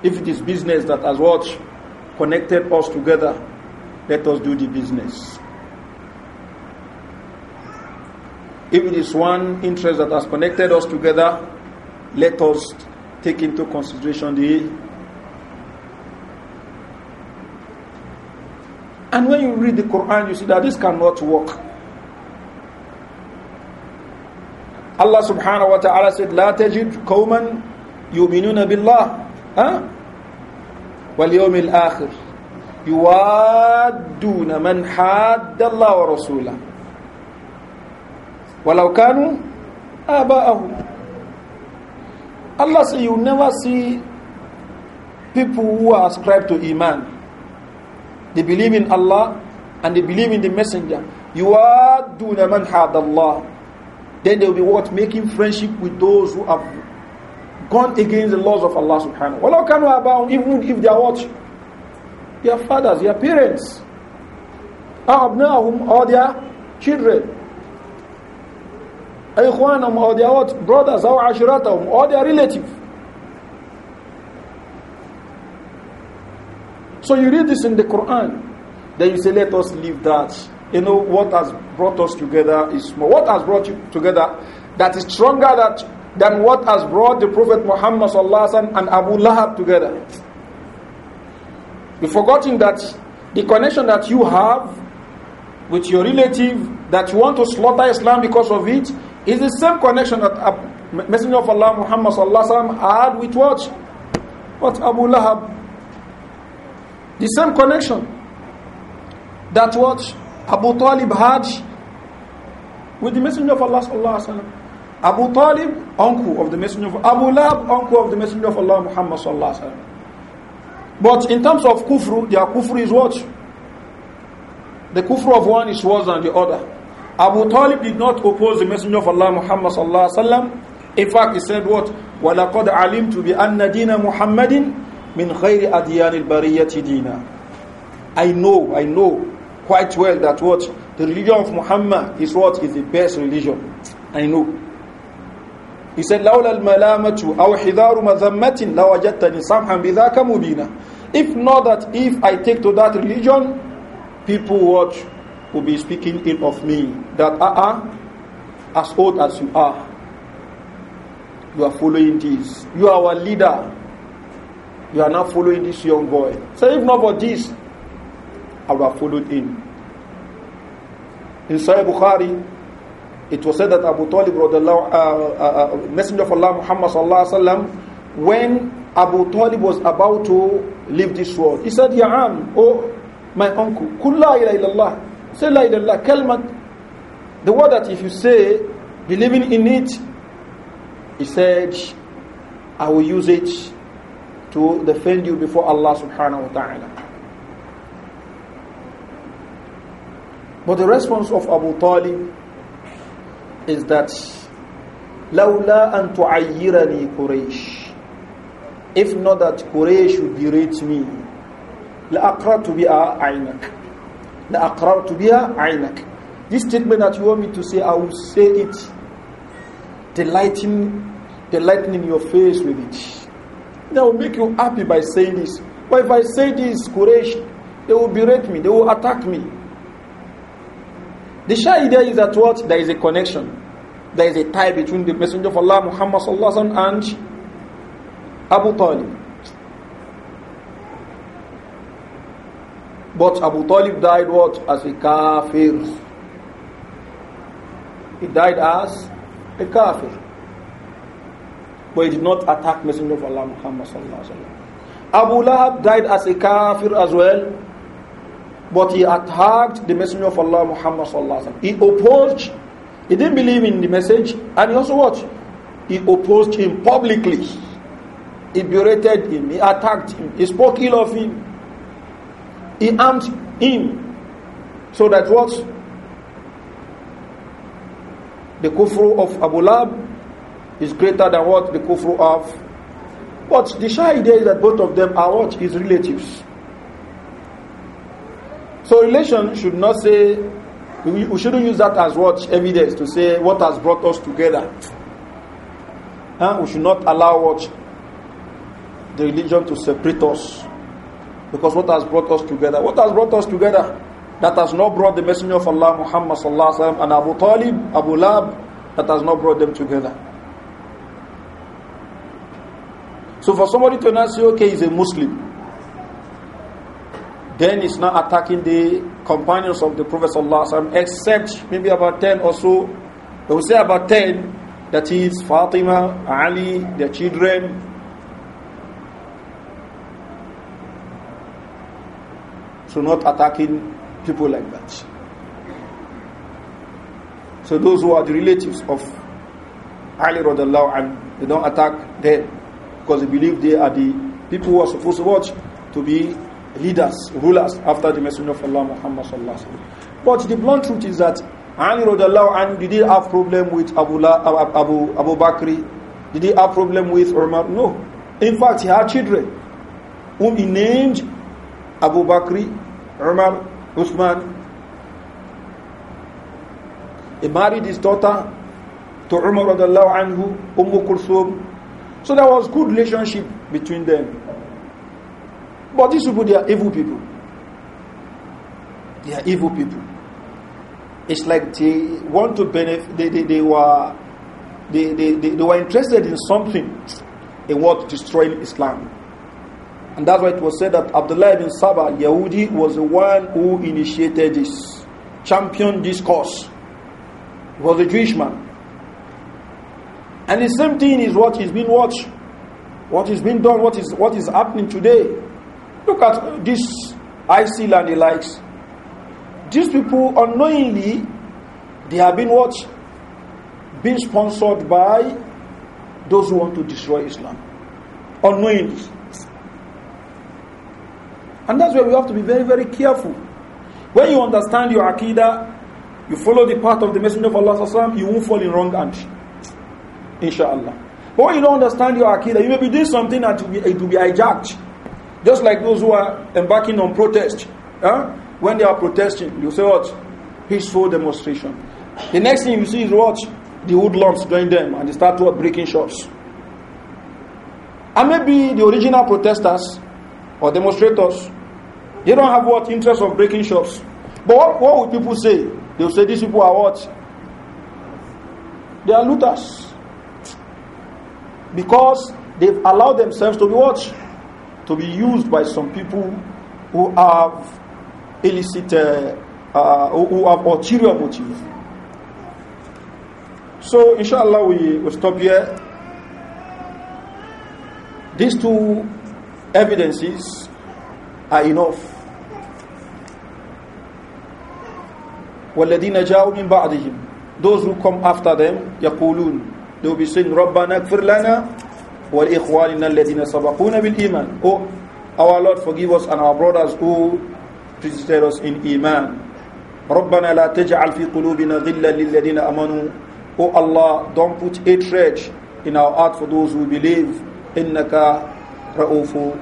If it is business that has what? Connected us together, let us do the business. If it is one interest that has connected us together, let us take into consideration the and when you read the Quran, you see that this cannot work. Allah subhanahu wa ta'ala said, لا تجد qawman يؤمنون بالله Huh? واليوم الآخر يوادون من حاد الله ورسوله ولو كانوا آباءه Allah say you never see people who are ascribed to Iman. They believe in Allah and they believe in the Messenger. You دون من حاد الله Then they'll be what? Making friendship with those who have gone against the laws of Allah subhanahu wa ta'ala. Even if they are what? Their fathers, their parents. Abnahum or their children. Ikhwanam or their what? Brothers or or their relatives? So you read this in the Quran. Then you say, let us leave that you know, what has brought us together is more. What has brought you together that is stronger that, than what has brought the Prophet Muhammad and Abu Lahab together. You've forgotten that the connection that you have with your relative that you want to slaughter Islam because of it is the same connection that Ab Messenger of Allah Muhammad had with what? What Abu Lahab? The same connection that what Abu Talib had with the Messenger of Allah sallallahu alaihi wasallam. Abu Talib, uncle of the Messenger of Abu Lab, uncle of the Messenger of Allah Muhammad sallallahu alaihi wasallam. But in terms of kufru, their kufru is what? The kufru of one is worse than the other. Abu Talib did not oppose the Messenger of Allah Muhammad sallallahu alaihi wasallam. In fact, he said what? وَلَقَدْ عَلِمْتُ بِأَنَّ دِينَ مُحَمَّدٍ مِنْ غَيْرِ أَدْيَانِ الْبَرِيَّةِ دِينًا I know, I know quite well that what the religion of Muhammad is what is the best religion. I know. He said, لولا الملامة أو حذار مذمة لوجدتني سمحا بذاك مبينا. If not that if I take to that religion, people watch will be speaking ill of me. That ah uh, uh as old as you are, you are following this. You are our leader. You are not following this young boy. So if not for this, I will follow it In Sahih Bukhari, it was said that Abu Talib, uh, uh, uh, Messenger of Allah Muhammad, وسلم, when Abu Talib was about to leave this world, he said, Ya am, oh my uncle, Kulla la ilaha illallah, say la ilaha kalmat. The word that if you say, believing in it, he said, I will use it to defend you before Allah subhanahu wa ta'ala. But the response of Abu Talib is that لولا أن تعيرني Quraysh. If not that Quraysh would berate me La Akra عينك be a عينك This statement that you want me to say, I will say it delighting, delighting your face with it. They will make you happy by saying this. But if I say this, Quraysh, they will berate me, they will attack me. The shy idea is that what? There is a connection. There is a tie between the Messenger of Allah Muhammad sallallahu alaihi and Abu Talib. But Abu Talib died what? As a kafir. He died as a kafir. But he did not attack Messenger of Allah Muhammad sallallahu alaihi wasallam. Abu Lahab died as a kafir as well. But he attacked the Messenger of Allah Muhammad sallallahu He opposed, he didn't believe in the message, and he also what? He opposed him publicly. He berated him, he attacked him, he spoke ill of him, he armed him. So that what? The kufru of Abu Lab is greater than what the kufru of. But the shy idea is that both of them are what? His relatives. Correlation should not say, we, we shouldn't use that as what evidence to say what has brought us together. Huh? We should not allow what the religion to separate us. Because what has brought us together? What has brought us together? That has not brought the Messenger of Allah Muhammad sallallahu alaihi wasallam and Abu Talib, Abu Lab, that has not brought them together. So for somebody to not say, okay, he's a Muslim, then it's not attacking the companions of the Prophet except maybe about 10 or so. They will say about 10, that is Fatima, Ali, their children. So not attacking people like that. So those who are the relatives of Ali radiallahu anhu, they don't attack them because they believe they are the people who are supposed to watch to be leaders, rulers after the Messenger of Allah Muhammad sallallahu alaihi wasallam. But the blunt truth is that Ali radiallahu anhu did he have problem with Abu, La, Abu, Abu Bakr? Did he have problem with Umar? No. In fact, he had children whom he named Abu Bakr, Umar, Uthman. He married his daughter to Umar radiallahu anhu, Umm Kulthum. So there was good relationship between them. But these people, they are evil people. They are evil people. It's like they want to benefit, they, they, they were. They, they, they, they were interested in something in what destroying Islam. And that's why it was said that Abdullah ibn Sabah Yahudi was the one who initiated this, championed this cause. He was a Jewish man. And the same thing is what is being watched, what is being done, what is what is happening today. Look at this Ic and the likes. These people unknowingly, they have been what? Being sponsored by those who want to destroy Islam. Unknowingly. And that's where we have to be very, very careful. When you understand your Aqidah, you follow the path of the Messenger of Allah, you won't fall in wrong hands. Inshallah. But when you don't understand your Aqidah, you may be doing something that it will be hijacked just like those who are embarking on protest. Huh? When they are protesting, you say what? Peaceful demonstration. The next thing you see is what? The hoodlums join them and they start what? Breaking shops. And maybe the original protesters or demonstrators, they don't have what? Interest of breaking shops. But what, what will people say? They'll say these people are what? They are looters. Because they've allowed themselves to be what? to be used by some people who have illicit, uh, uh, who have ulterior motive. So, inshallah, we will stop here. These two evidences are enough. وَالَّذِينَ جَاءُوا مِن بَعْدِهِمْ Those who come after them, يَقُولُونَ They will be saying, رَبَّنَا اكْفِرْ لَنَا وَلِإِخْوَانِنَا الَّذِينَ سَبَقُونَ بِالْإِيمَانِ Oh, our Lord forgive us and our brothers who visited us in Iman. رَبَّنَا لَا تَجْعَلْ فِي قُلُوبِنَا غِلًّا لِلَّذِينَ آمَنُوا Oh Allah, don't put hatred in our heart for those who believe. إِنَّكَ رَؤُوفُ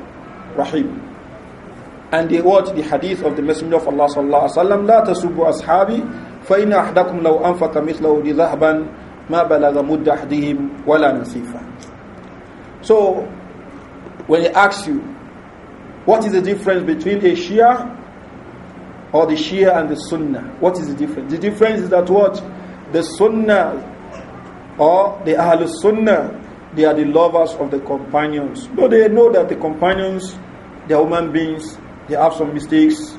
رحيم And they what? The hadith of the Messenger of Allah صلى الله عليه وسلم لا تسبوا أصحابي فإن أحدكم لو أنفق مثله ذهبا ما بلغ مد أحدهم ولا نصيفا. So, when they ask you, what is the difference between a Shia or the Shia and the Sunnah? What is the difference? The difference is that what? The Sunnah or the Ahl Sunnah, they are the lovers of the companions. No, they know that the companions, they are human beings, they have some mistakes,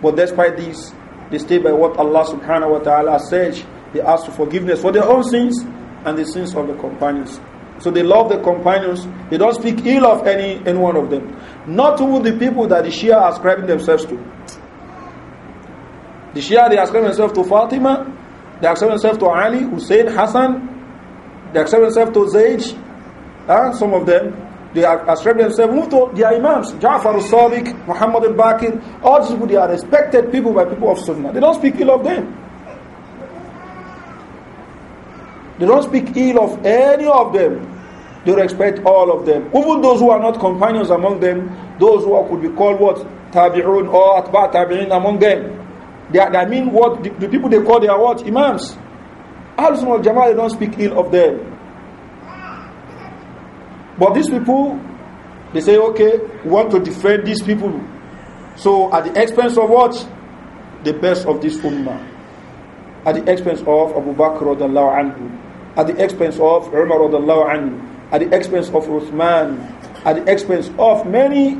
but despite this, they stay by what Allah subhanahu wa ta'ala says. They ask for forgiveness for their own sins and the sins of the companions. So they love their companions. They don't speak ill of any, any one of them. Not even the people that the Shia are ascribing themselves to. The Shia, they ascribe themselves to Fatima. They ascribe themselves to Ali, Hussein, Hassan. They ascribe themselves to Zayd. And uh, some of them, they ascribe themselves to their imams. Ja'far al-Sadiq, Muhammad al-Bakir. All these people, they are respected people by people of Sunnah. They don't speak ill of them. They don't speak ill of any of them. They respect all of them. Even those who are not companions among them, those who are, could be called what? Tabi'un or Atba' tabirun among them. They, are, I mean what? The, the, people they call their what? Imams. Al Sunnah Jama'ah, they don't speak ill of them. But these people, they say, okay, we want to defend these people. So at the expense of what? The best of this ummah. At the expense of Abu Bakr radiallahu anhu. At the expense of Umar radiallahu anhu at the expense of Uthman, at the expense of many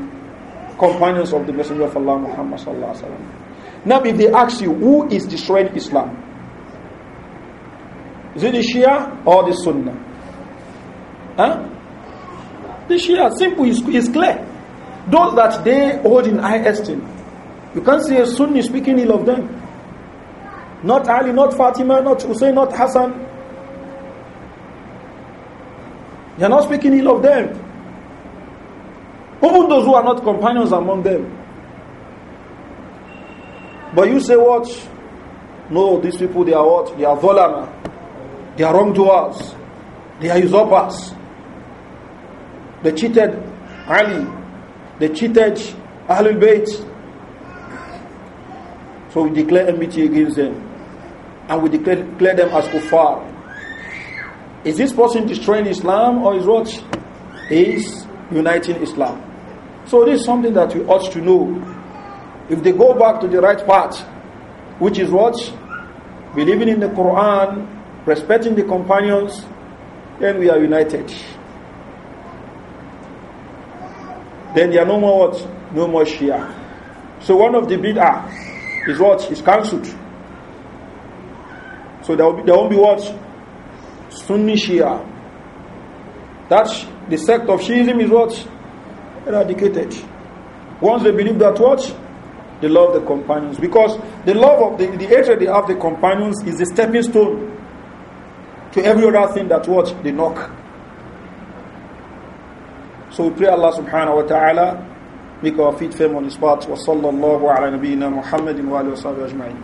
companions of the Messenger of Allah Muhammad sallallahu alaihi wasallam. Now, if they ask you who is destroying Islam, is it the Shia or the Sunnah? Huh? The Shia, simple, is, is clear. Those that they hold in high esteem, you can't see a Sunni speaking ill of them. Not Ali, not Fatima, not Hussein, not Hassan, You're not speaking ill of them. Even those who are not companions among them. But you say what? No, these people they are what? They are dholama. They are wrongdoers. They are usurpers. They cheated Ali. They cheated Ahlul Bayt. So we declare enmity against them. And we declare, declare them as kuffar. Is this person destroying Islam or is what? Is uniting Islam. So this is something that we ought to know. If they go back to the right path, which is what? Believing in the Quran, respecting the companions, then we are united. Then there are no more what? No more Shia. So one of the bid'ah is what? Is cancelled. So there, will be, there won't be what? Sunni Shia. That the sect of Shiism is what? Eradicated. Once they believe that what? They love the companions. Because the love of the, the hatred they have the companions is a stepping stone to every other thing that what? They knock. So we pray Allah subhanahu wa ta'ala make our feet firm on his path. Wa sallallahu ala nabiyyina Muhammadin wa alihi wa sahbihi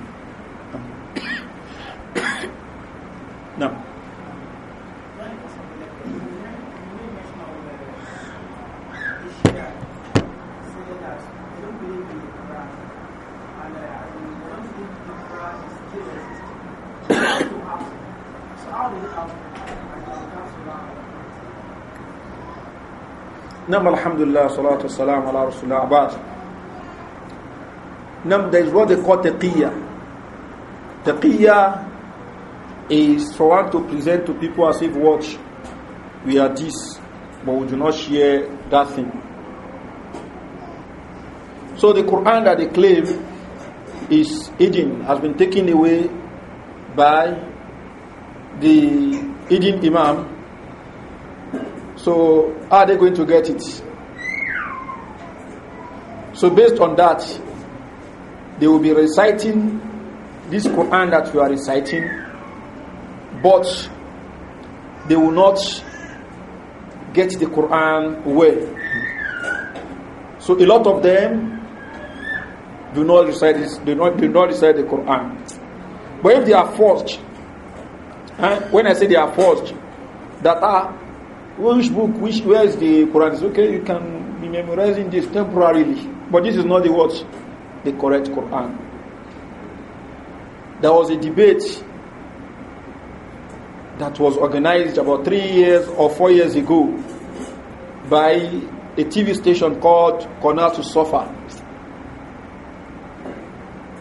ajma'in. Now. Nam alhamdulillah, salatu salam ala rasulullah abad. Nam, there is what they call taqiyya. Taqiyya is for one to present to people as if, watch, we are this, but we do not share that thing. So the Quran that they claim is hidden, has been taken away by the hidden Imam so are they going to get it? So based on that, they will be reciting this Quran that we are reciting, but they will not get the Quran well. So a lot of them do not recite this, do not do not recite the Quran. But if they are forced, eh, when I say they are forced, that are which book, which where is the Quran? It's okay, you can be memorizing this temporarily, but this is not the what, the correct Quran. There was a debate that was organized about three years or four years ago by a TV station called Corner to Suffer.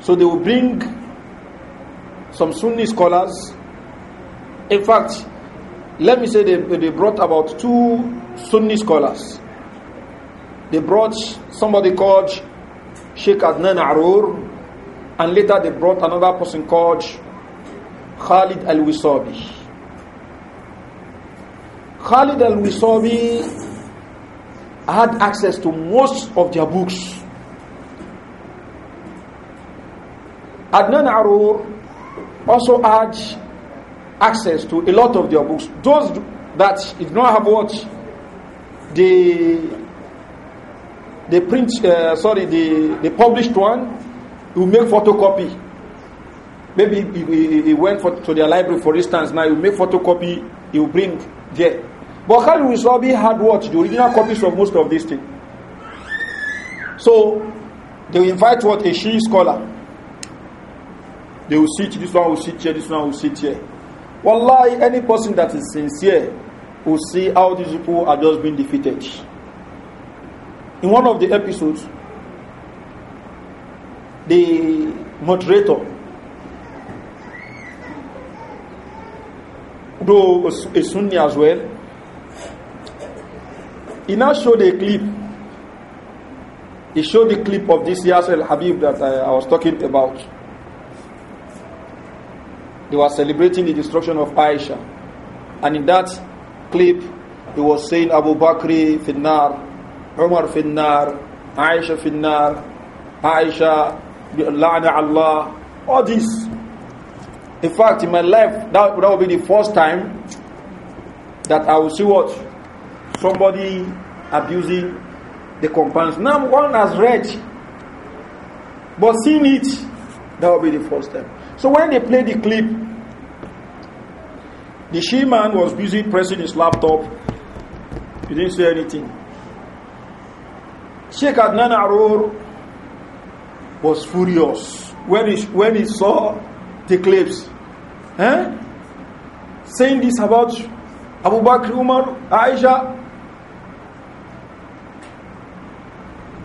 So they will bring some Sunni scholars. In fact, let me say they, they brought about two Sunni scholars. They brought somebody called Sheikh Adnan Arur, and later they brought another person called Khalid Al Wisabi. Khalid Al Wisabi had access to most of their books. Adnan Arur also had access to a lot of their books. Those that did not have what the the print, uh, sorry, the the published one, you make photocopy. Maybe he, went for, to their library, for instance. Now you make photocopy, you bring there. But Khalid Wisabi had what the original copies of most of these things. So they invite what a Shi scholar. They will sit. This one will sit here. This one will sit here Wallahi, any person that is sincere will see how these people are just being defeated. In one of the episodes, the moderator, though a Sunni as well, he now showed a clip. He showed the clip of this Yasser Habib that I, I was talking about. They were celebrating the destruction of Aisha. And in that clip, he was saying Abu Bakr finnar, Umar finnar, Aisha finnar, Aisha, La'na Allah, all this. In fact, in my life, that, that will be the first time that I will see what? Somebody abusing the companions. Now one has read, but seeing it, that will be the first time. So when they played the clip, the she man was busy pressing his laptop. He didn't say anything. Sheikh Adnan Arur was furious when he, when he saw the clips. Eh? Saying this about Abu Bakr, Umar, Aisha.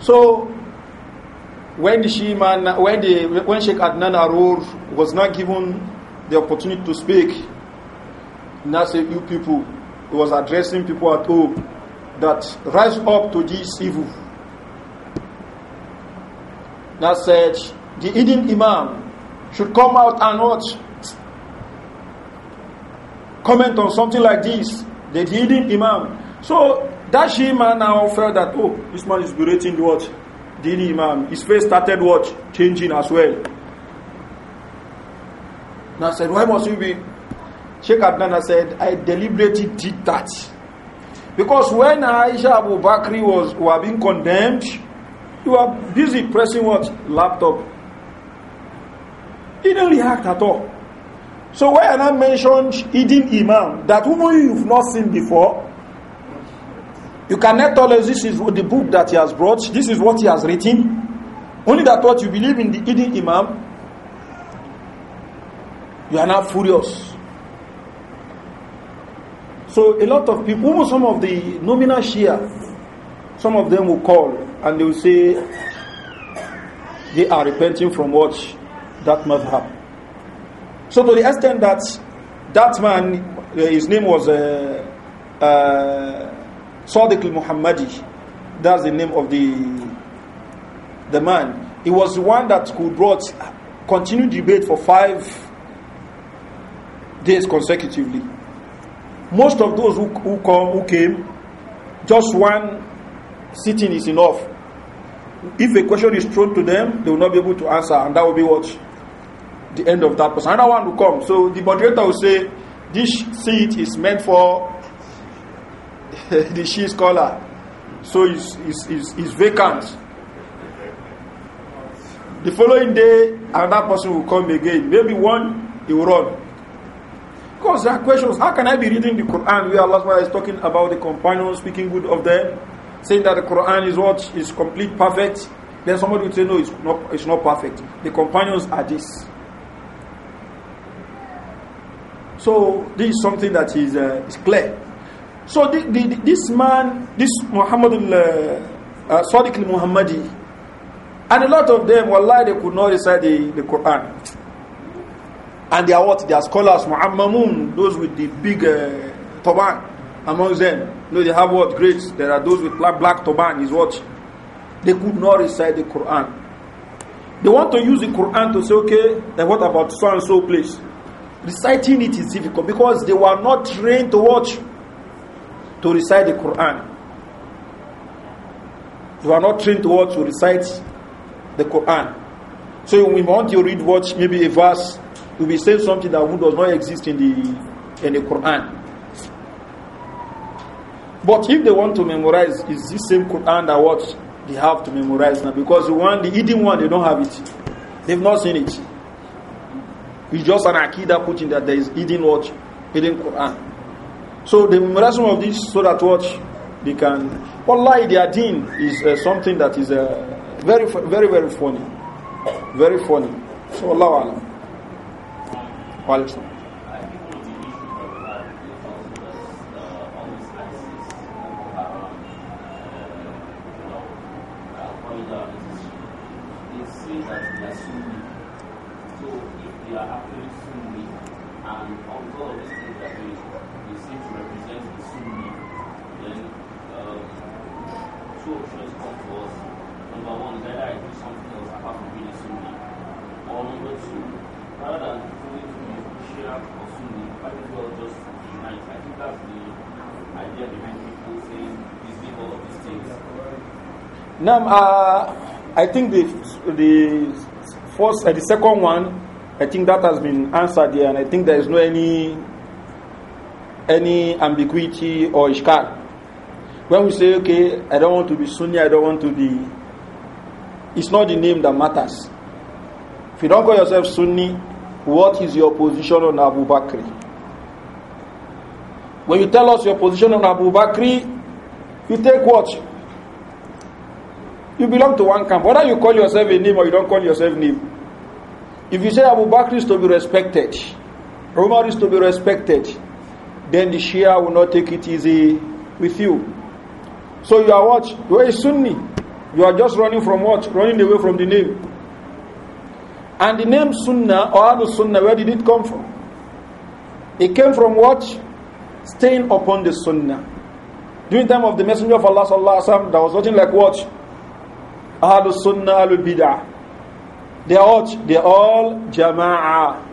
So when the when the when Sheikh Adnan Arur was not given the opportunity to speak, now say you people, he was addressing people at home that rise up to this evil. Now said the Eden Imam should come out and watch comment on something like this. The Eden Imam. So that Shima now felt that oh, this man is berating the watch. Dini Imam, his face started what? Changing as well. Now I said, why must you be? Sheikh Adnana said, I deliberately did that. Because when Aisha Abu Bakri was, were being condemned, you were busy pressing what? Laptop. He didn't react at all. So when I mentioned hidden imam, that woman you've not seen before, You cannot tell us this is the book that he has brought, this is what he has written. Only that what you believe in the hidden Imam, you are now furious. So a lot of people, even some of the nominal Shia, some of them will call and they will say they are repenting from what that must have. So to the extent that that man, uh, his name was uh, uh, Sadiq al-Muhammadi. That's the name of the the man. He was the one that could brought continued debate for five days consecutively. Most of those who, who come who came, just one sitting is enough. If a question is thrown to them, they will not be able to answer, and that will be what the end of that person. Another one will come. So the moderator will say, "This seat is meant for the Shi scholar. So it's, it's, it's, it's vacant. The following day, another person will come again. Maybe one, he will run. Because there are questions. How can I be reading the Quran where Allah is talking about the companions, speaking good of them, saying that the Quran is what is complete, perfect? Then somebody will say, no, it's not, it's not perfect. The companions are this. So this is something that is, uh, is clear. So the, the, this man, this Muhammad uh, uh Sadiq muhammadi and a lot of them, wallahi, they could not recite the, the Quran. And they are what? They are scholars, Muhammamun, those with the big uh, turban among them. You know, they have what? Grades. There are those with black, black turban is what? They could not recite the Quran. They want to use the Quran to say, okay, then what about so and so place? Reciting it is difficult because they were not trained to watch to recite the Quran. You are not trained to what to recite the Quran. So when want you read what maybe a verse, you'll be saying something that does not exist in the in the Quran. But if they want to memorize, it's the same Quran that what they have to memorize now because the one, the eating one, they don't have it. They've not seen it. It's just an akida putting that there is eating what? Eating Quran. So the reason of this, so that what they can, they their deen is uh, something that is uh, very, very, very funny. Very funny. So Allah Allah. Wa Now, uh, I think the the first, uh, the second one, I think that has been answered here, and I think there is no any any ambiguity or ishkar. When we say, okay, I don't want to be Sunni, I don't want to be, it's not the name that matters. If you don't call yourself Sunni, what is your position on Abu Bakr? When you tell us your position on Abu Bakr, you take what? You belong to one camp. Whether you call yourself a name or you don't call yourself name. If you say Abu Bakr is to be respected, Umar is to be respected, then the Shia will not take it easy with you. So you are what? You are a Sunni. You are just running from what? Running away from the name. And the name Sunnah or Ahlul Sunnah, where did it come from? It came from what? Staying upon the Sunnah. During the time of the Messenger of Allah, there was nothing like what? Ahlul Sunnah, Ahlul Bid'ah. They are all, they are all Jama'a.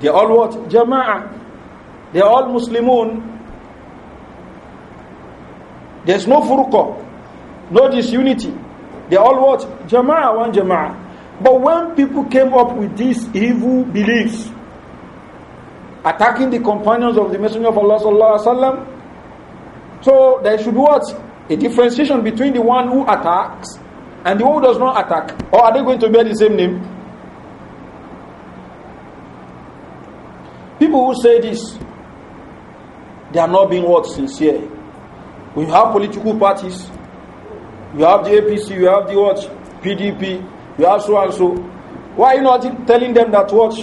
They are all what? Jama'a. They are all Muslimun. There's no furqa, no disunity. They are all what? Jama'a one Jama'a. But when people came up with these evil beliefs, attacking the companions of the Messenger of Allah sallallahu alaihi wasallam, so there should be what? a differentiation between the one who attacks and the one who does not attack? Or are they going to bear the same name? People who say this, they are not being what sincere. We have political parties, you have the APC, you have the what PDP, you have so and so. Why are you not telling them that what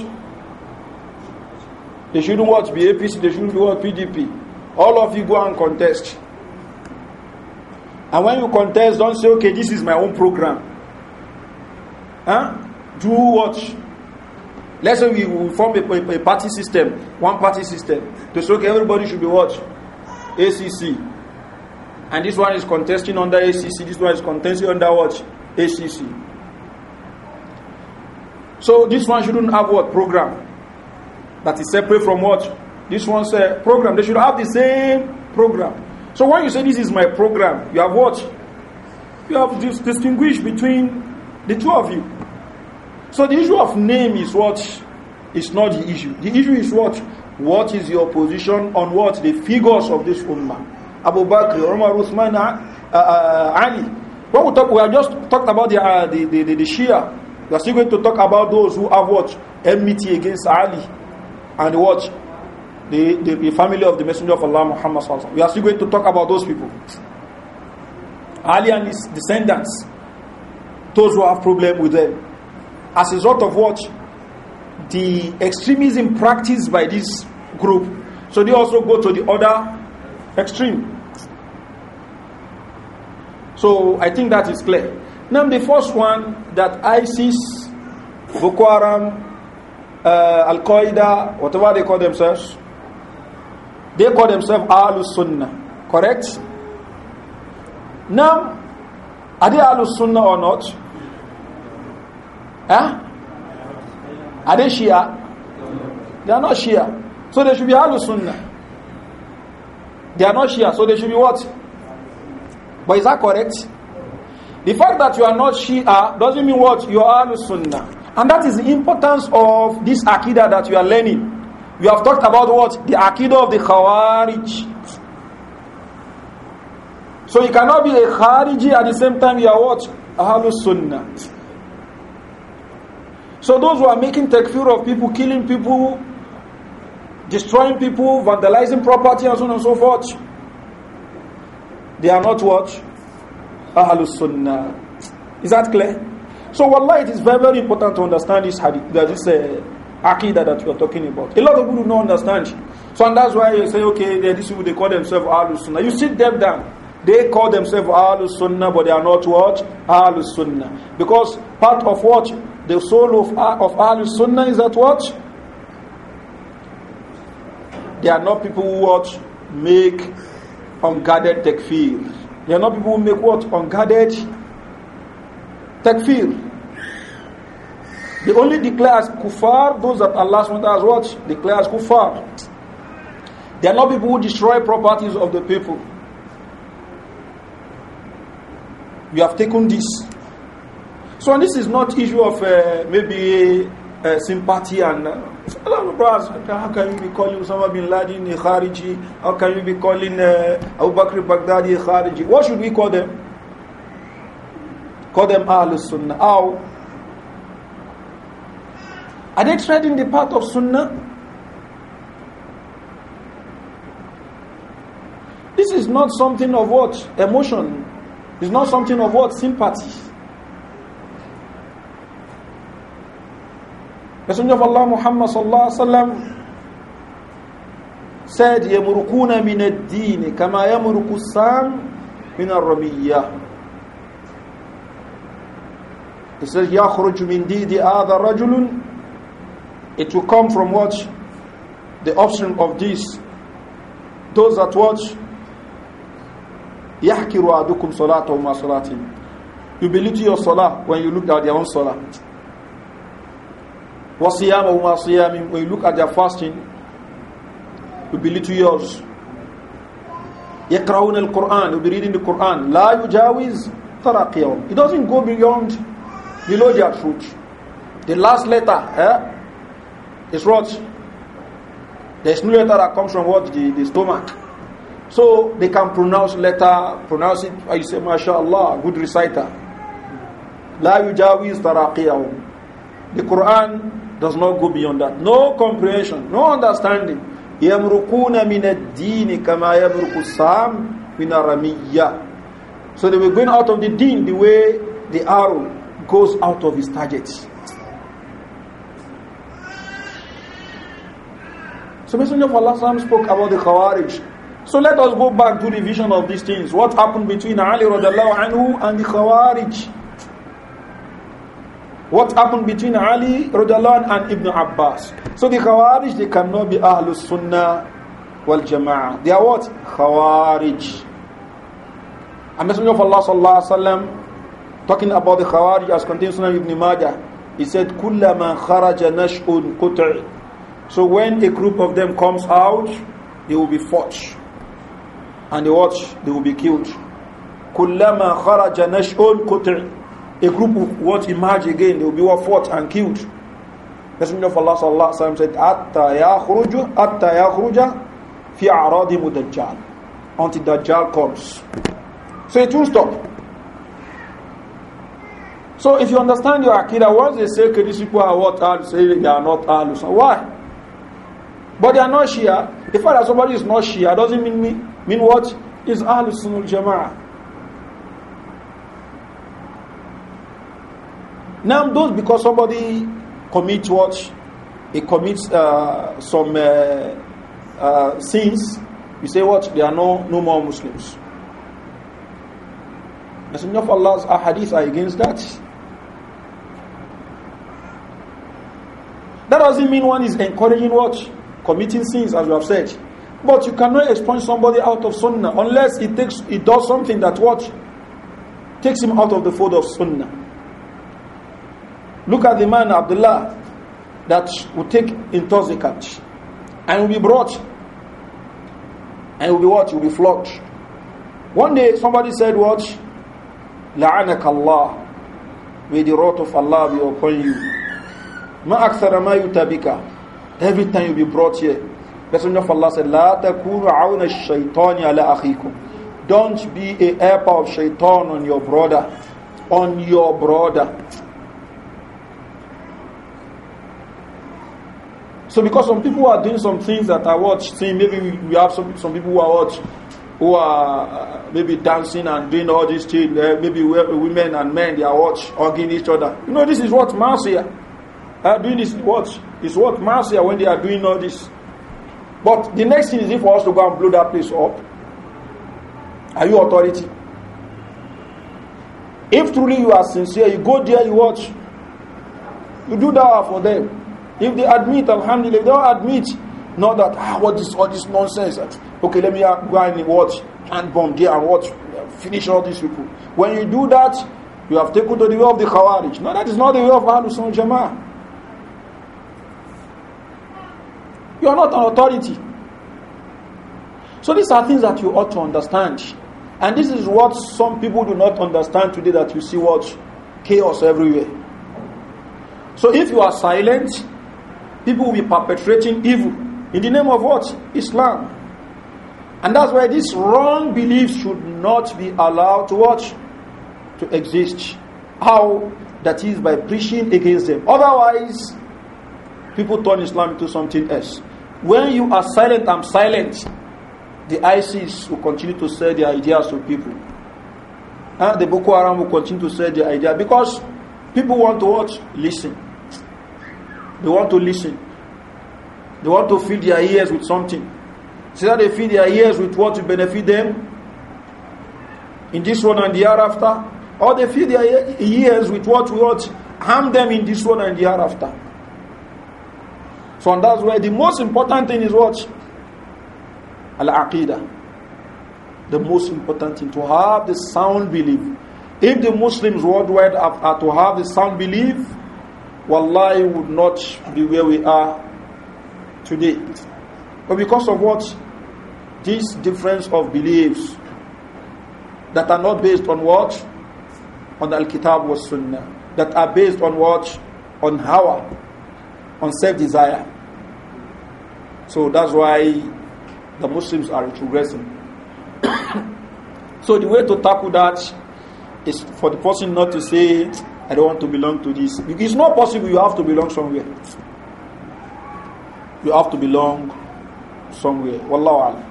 they shouldn't watch be APC, they shouldn't be what PDP? All of you go and contest. And when you contest, don't say, okay, this is my own program. Huh? Do what? Let's say we, form a, a, a, party system, one party system, to say, okay, everybody should be what? ACC. And this one is contesting under ACC, this one is contesting under what? ACC. So this one shouldn't have what? Program. That is separate from what? This one's a program. They should have the same program. So when you say this is my program, you have what? You have distinguished between the two of you. So the issue of name is what is not the issue. The issue is what? What is your position on what? The figures of this ummah. Abu Bakr, Umar, Uthman, uh, uh, Ali. When we, talk, we have just talked about the, uh, the, the, the, the Shia. We are still going to talk about those who have what? Enmity against Ali. And what? the, the, the, family of the Messenger of Allah Muhammad. We are still going to talk about those people. Ali and his descendants, those who have problem with them. As a result of what? The extremism practiced by this group. So they also go to the other extreme. So I think that is clear. Now the first one that ISIS, Boko Haram, uh, Al Qaeda, whatever they call themselves, They call themselves Ahlus Sunnah. Correct? Now, are they Ahlus Sunnah or not? Huh? Are they Shia? They are not Shia. So they should be Ahlus Sunnah. They are not Shia, so they should be what? But is that correct? The fact that you are not Shia doesn't mean what? You are Ahlus Sunnah. And that is the importance of this akida that you are learning. We have talked about what? The Akidah of the Khawarij. So you cannot be a Khariji at the same time you are what? Ahlus Sunnah. So those who are making takfir of people, killing people, destroying people, vandalizing property and so on and so forth, they are not what? Ahlus Sunnah. Is that clear? So Allah, it is very, very important to understand this hadith, this uh, Aqidah that we are talking about. A lot of people do not understand. So and that's why you say, okay, these people, they call themselves Ahlul Sunnah. You sit them down. They call themselves Ahlul Sunnah, but they are not what? Ahlul Sunnah. Because part of what? The soul of, of Ahlul Sunnah is that what? They are not people who what? Make unguarded takfir. They are not people who make what? Unguarded takfir. They only declare as kuffar those that Allah SWT has what? Declare as kuffar. They are not people who destroy properties of the people. You have taken this. So this is not issue of uh, maybe uh, sympathy and uh, a lot of brothers. How can you be calling Osama bin Laden a Khariji? How can you be calling uh, Abu Bakr Baghdadi a Khariji? What should we call them? Call them Ahl Sunnah. How? Are they treading the path of Sunnah? This is not something of what? Emotion. It's not something of what? Sympathy. Messenger of Allah Muhammad sallallahu alaihi wasallam said yamurukuna min ad-din kama yamuruku sam min ar-ramiyah He said yakhruju min didi hadha rajulun it will come from what? The offspring of this. Those that watch. يَحْكِرُ أَدُكُمْ صَلَاتَهُ مَا صَلَاتِهِمْ You to your salah when you look at their own salah. وَصِيَامَهُ مَا When you look at their fasting, you to yours. يَقْرَوْنَ الْقُرْآنِ You'll be reading the Qur'an. لَا يُجَاوِزْ تَرَقِيَهُم It doesn't go beyond, below their truth. The last letter, eh? is what? There is no letter that comes from what? The, the stomach. So they can pronounce letter, pronounce it, I say, mashallah, good reciter. La yujawiz taraqiyahum. The Quran does not go beyond that. No comprehension, no understanding. يَمْرُقُونَ مِنَ الدِّينِ كَمَا يَمْرُقُ السَّامِ مِنَ الرَّمِيَّةِ So they were going out of the din the way the arrow goes out of its target. So Messenger of Allah spoke about the Khawarij. So let us go back to the vision of these things. What happened between Ali radiallahu anhu and the Khawarij? What happened between Ali radiallahu anhu and Ibn Abbas? So the Khawarij, they cannot be Ahlul Sunnah wal Jama'ah. They are what? Khawarij. And Messenger of Allah sallallahu alaihi wasallam talking about the Khawarij as contained in Sunan Ibn Majah, he said, "Kullama kharaja nash'un qut'i." So when a group of them comes out, they will be fought. And they watch, they will be killed. كُلَّمَا خَرَجَ نَشْءٌ قُتِعْ A group will what emerge again, they will be fought and killed. Messenger of Allah sallallahu alaihi wasallam said, "Atta yakhruju, atta yakhruja fi a'radi mudajjal." Until Dajjal comes. So it will stop. So if you understand your Akira, once they say okay, these are what Ahlus, they are not Ahlus. Why? But they are not Shia. The fact that somebody is not Shia doesn't mean me, mean what? Is al Sunnah Jama'ah. Now, those because somebody commits what? He commits uh, some uh, uh, sins. You say what? They are no, no more Muslims. Messenger of Allah's hadiths are against that. That doesn't mean one is encouraging what? committing sins, as we have said. But you cannot expunge somebody out of Sunnah unless he takes he does something that what takes him out of the fold of Sunnah. Look at the man Abdullah that will take intoxicant and will be brought and will be what? Will be flogged. One day somebody said what? لعنك Allah. May the wrath of Allah be upon you. ما أكثر ما يتابك Every time you'll be brought here. Messenger of Allah said, La takunu awna shaytani ala akhikum. Don't be a helper of shaitan on your brother. On your brother. So because some people are doing some things that I watch, see, maybe we have some, some people who are watch, who are uh, maybe dancing and doing all these things. Uh, maybe women and men, they are watch, hugging each other. You know, this is what mass here. Uh, doing this, watch. It's what mercy when they are doing all this. But the next thing is for us to go and blow that place up. Are you authority? If truly you are sincere, you go there, you watch. You do that for them. If they admit, alhamdulillah, if they don't admit, not that, ah, what is all this nonsense? Okay, let me go and watch, hand bomb there and watch, finish all these people. When you do that, you have taken to the way of the Khawarij. No, that is not the way of Ahlus Sunnah Jama'ah. You are not an authority. So these are things that you ought to understand. And this is what some people do not understand today that you see what? Chaos everywhere. So if you are silent, people will be perpetrating evil in the name of what? Islam. And that's why this wrong belief should not be allowed to what to exist. How? That is by preaching against them. Otherwise, people turn Islam into something else. When you are silent, I'm silent. The ISIS will continue to sell their ideas to people. And the Boko Haram will continue to sell their idea because people want to watch, listen. They want to listen. They want to fill their ears with something. So that they fill their ears with what will benefit them in this one and the after, or they fill their ears with what will harm them in this one and the after. So and that's where the most important thing is what? Al-Aqidah. The most important thing, to have the sound belief. If the Muslims worldwide are to have the sound belief, wallahi would not be where we are today. But because of what? This difference of beliefs that are not based on what? On Al-Kitab was Sunnah. That are based on what? On Hawa on self desire. So that's why the Muslims are retrogressing. so the way to tackle that is for the person not to say, I don't want to belong to this. It's not possible, you have to belong somewhere. You have to belong somewhere. Wallahu alam.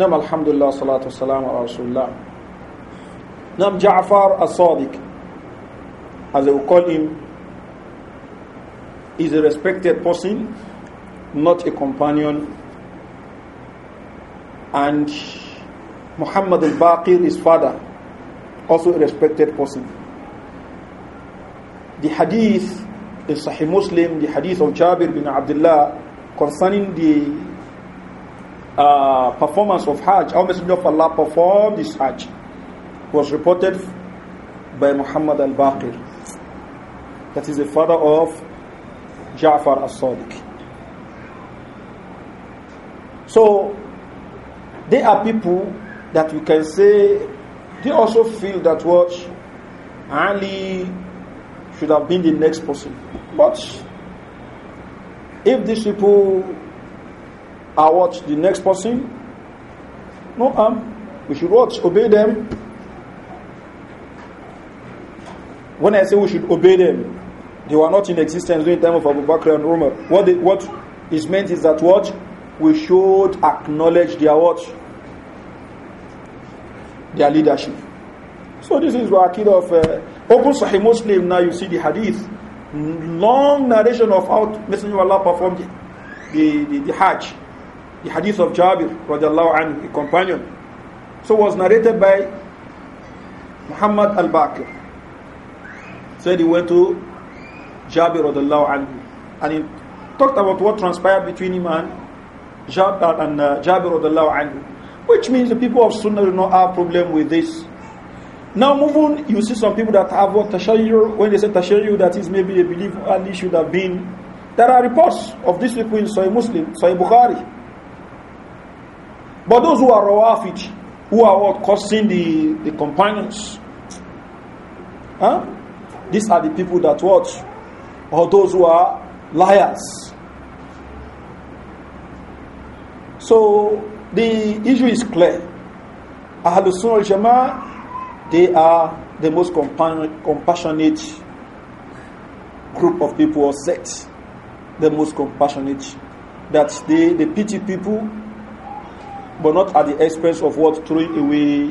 نعم الحمد لله والصلاة والسلام على رسول الله نعم جعفر الصادق as they will call him is a respected person not a companion and Muhammad al-Baqir his father also a respected person the hadith in Sahih Muslim the hadith of Jabir bin Abdullah concerning the Uh, performance of Hajj, Our Messenger of Allah performed this Hajj, was reported by Muhammad al Baqir. That is the father of Ja'far as Sadiq. So, there are people that you can say they also feel that what Ali should have been the next person. But if these people are what the next person? No harm. we should watch, Obey them. When I say we should obey them, they were not in existence during the time of Abu Bakr and Umar. What, they, what is meant is that what? We should acknowledge their what? Their leadership. So this is what kind of uh, open Sahih Muslim. Now you see the hadith, long narration of how Messenger of Allah performed the, the, the, the Hajj. The hadith of Jabir, radiallahu anhu, a companion. So was narrated by Muhammad al-Baqir. Said he went to Jabir, radiallahu anhu, and he talked about what transpired between him and Jabir, uh, and, uh, Jabir radiallahu anhu. Which means the people of Sunnah do not have problem with this. Now move on, you see some people that have what tashayyur, when they say tashayyur, that is maybe a belief Ali should have been. There are reports of these people in Sahih Muslim, Sahih Bukhari, but those who are Rawafid, who are what cursing the, the companions, huh? these are the people that watch, or those who are liars. So the issue is clear. Ahlul Sunnah Jama'ah, they are the most compassionate group of people or sect. The most compassionate. That they, they pity people but not at the expense of what throwing away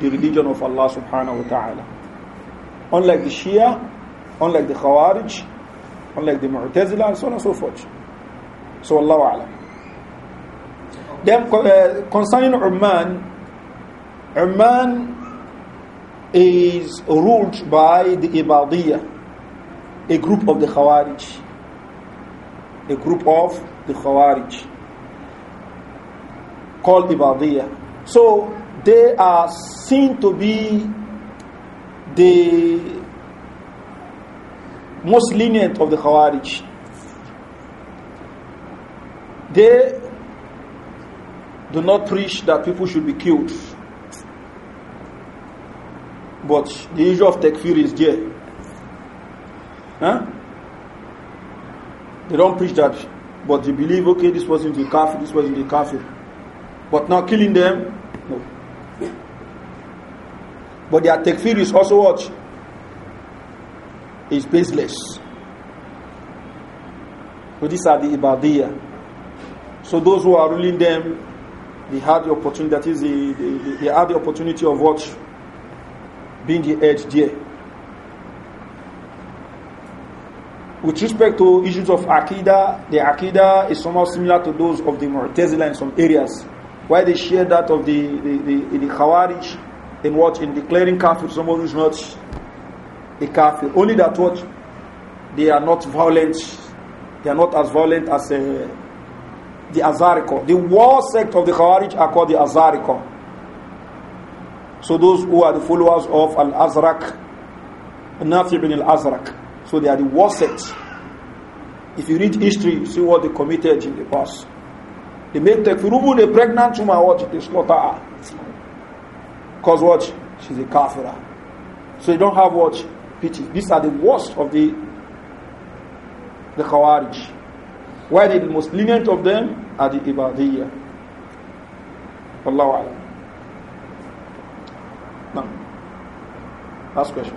the religion of Allah subhanahu wa ta'ala. Unlike the Shia, unlike the Khawarij, unlike the Mu'tazila, and so on and so forth. So Allah Alam. Then uh, concerning Oman, Oman is ruled by the Ibadiyya, a group of the Khawarij. A group of the Khawarij called Ibadiyah. So they are seen to be the most lenient of the Khawarij. They do not preach that people should be killed. But the issue of takfir is there. Huh? They don't preach that, but they believe, okay, this wasn't the kafir, this wasn't the kafir. But not killing them, no. But their takfir is also what? Is baseless. So these are the Ibadiyah. So those who are ruling them, they had the opportunity, that is, they, they, they had the opportunity of what? Being the edge there. with respect to issues of akida, the akida is somehow similar to those of the Mu'tazila in some areas. Why they share that of the, the, the, the Khawarij in what? In declaring kafir someone who's not a kafir. Only that what? They are not violent. They are not as violent as uh, the Azariko. The war sect of the Khawarij are called the Azariko. So those who are the followers of Al-Azraq, Nafi bin Al-Azraq. So they are the war sect. If you read history, you see what they committed in the past. They made Tekfirubun a pregnant woman, what? They slaughter her. Because watch She's a kafira. So they don't have watch. Pity. These are the worst of the the Khawarij. Why the most lenient of them are the Ibadiyya. Allah. Alam. Now, last question.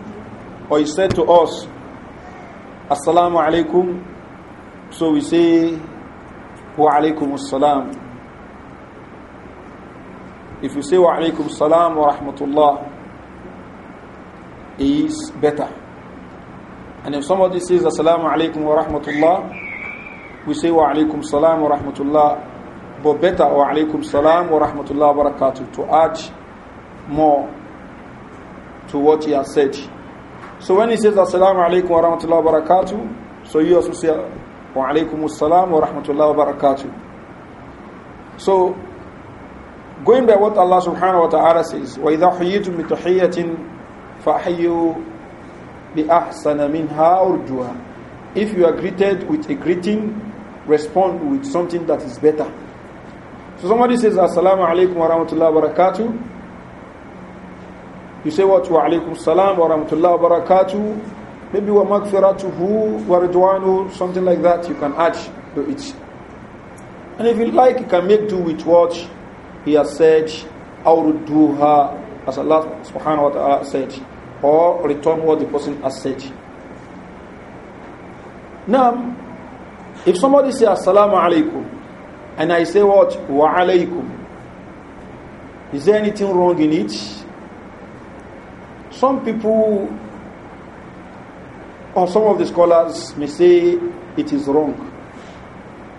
or he said to us, Assalamu alaikum. So we say, Wa alaikum assalam. If you say Wa alaikum assalam wa rahmatullah, it's better. And if somebody says Assalamu alaikum wa rahmatullah, we say Wa alaikum assalam wa rahmatullah, but better Wa alaikum assalam wa rahmatullah barakatuh to add more to what he has said. So when he says Assalamu alaikum wa rahmatullahi wa barakatuh, so you also say Wa alaikum assalam wa rahmatullahi wa barakatuh. So going by what Allah subhanahu wa ta'ala says, وَإِذَا حُيِّيتُم بِتَحِيَّةٍ فَحِيُّوا بِأَحْسَنَ مِنْهَا أُرْجُوهَا If you are greeted with a greeting, respond with something that is better. So somebody says, Assalamu alaikum wa rahmatullahi wa barakatuh. You say what? Wa alaykum salam wa rahmatullahi wa barakatuh. Maybe wa magfiratuhu wa ridwanu, something like that you can add to it. And if you like, you can make do with what he has said, awrudduha, as Allah subhanahu wa ta'ala said, or return what the person has said. Now, if somebody says assalamu alaykum, and I say what? Wa alaykum, Is there anything wrong in it? Some people or some of the scholars may say it is wrong.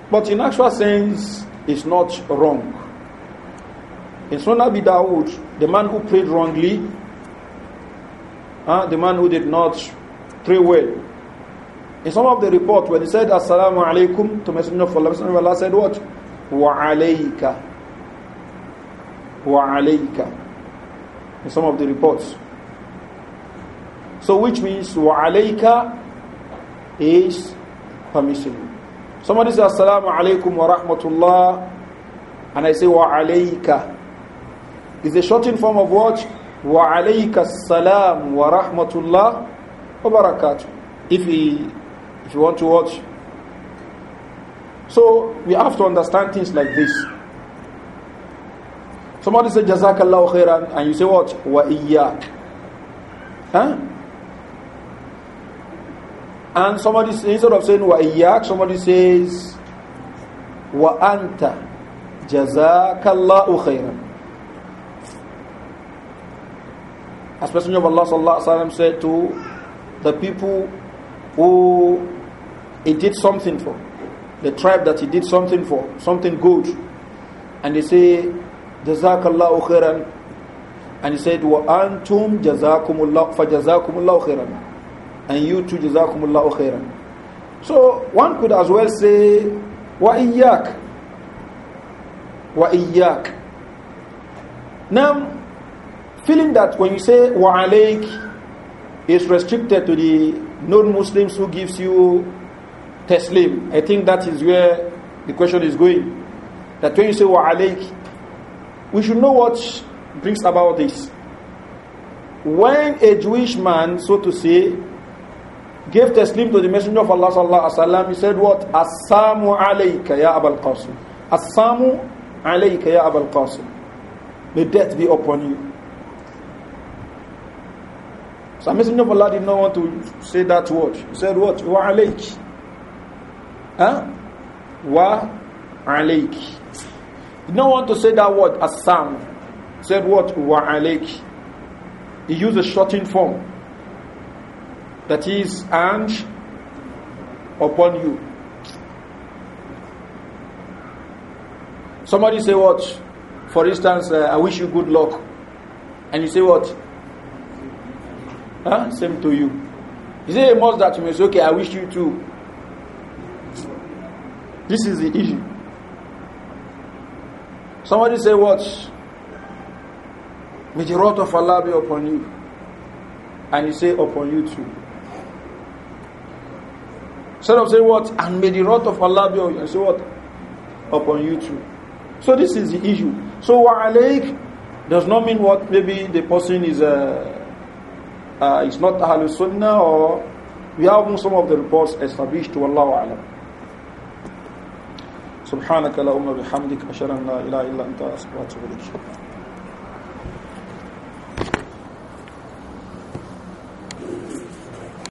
But in actual sense, it's not wrong. In Sunnah Abi Dawood, the man who prayed wrongly, uh, the man who did not pray well, in some of the reports, when he said Assalamu alaikum to Messenger of Allah, Messenger of Allah said what? Wa alayka. Wa alayka. In some of the reports. So which means وَعَلَيْكَ is permission. Somebody says Assalamu alaykum wa rahmatullah and I say وَعَلَيْكَ is a shortened form of what? وَعَلَيْكَ السَّلَامُ wa rahmatullah وَبَرَكَاتُهُ if we, if you want to watch so we have to understand things like this Somebody say jazakallahu khairan and you say what? Wa iyyak. Huh? And somebody instead of saying wa yaq, somebody says wa anta jazakallahu khairan. As Messenger of Allah sallallahu said to the people who he did something for, the tribe that he did something for, something good, and they say jazakallahu khairan, and he said wa antum jazakumullahu fajazakumullahu khairan and you too jazakumullahu khairan. So one could as well say wa iyyak wa iyyak. Now feeling that when you say wa alayk is restricted to the non-Muslims who gives you taslim. I think that is where the question is going. That when you say wa alayk, we should know what brings about this. When a Jewish man, so to say, gave taslim to the Messenger of Allah sallallahu alaihi wasallam. He said, "What Assamu alayka ya Abul Qasim. Assamu alayka ya Abul Qasim. May death be upon you." So Messenger of Allah did not want to say that word. He said, "What wa alayk? Huh? Wa alayk." He did not want to say that word Assam. He said what wa alayk. He used a shortened form that is hand upon you. Somebody say what? For instance, uh, I wish you good luck. And you say what? Huh? Same to you. Is it a must that you may say, okay, I wish you too. This is the issue. Somebody say what? May the wrath of Allah be upon you. And you say upon you too. Instead of saying what? And may the wrath of Allah be on you. And say what? Upon you too. So this is the issue. So wa alaik does not mean what maybe the person is a, uh, uh, is not Ahlul Sunnah or we have some of the reports established to Allah Alam. سبحانك اللهم la ilaha illa Anta إله إلا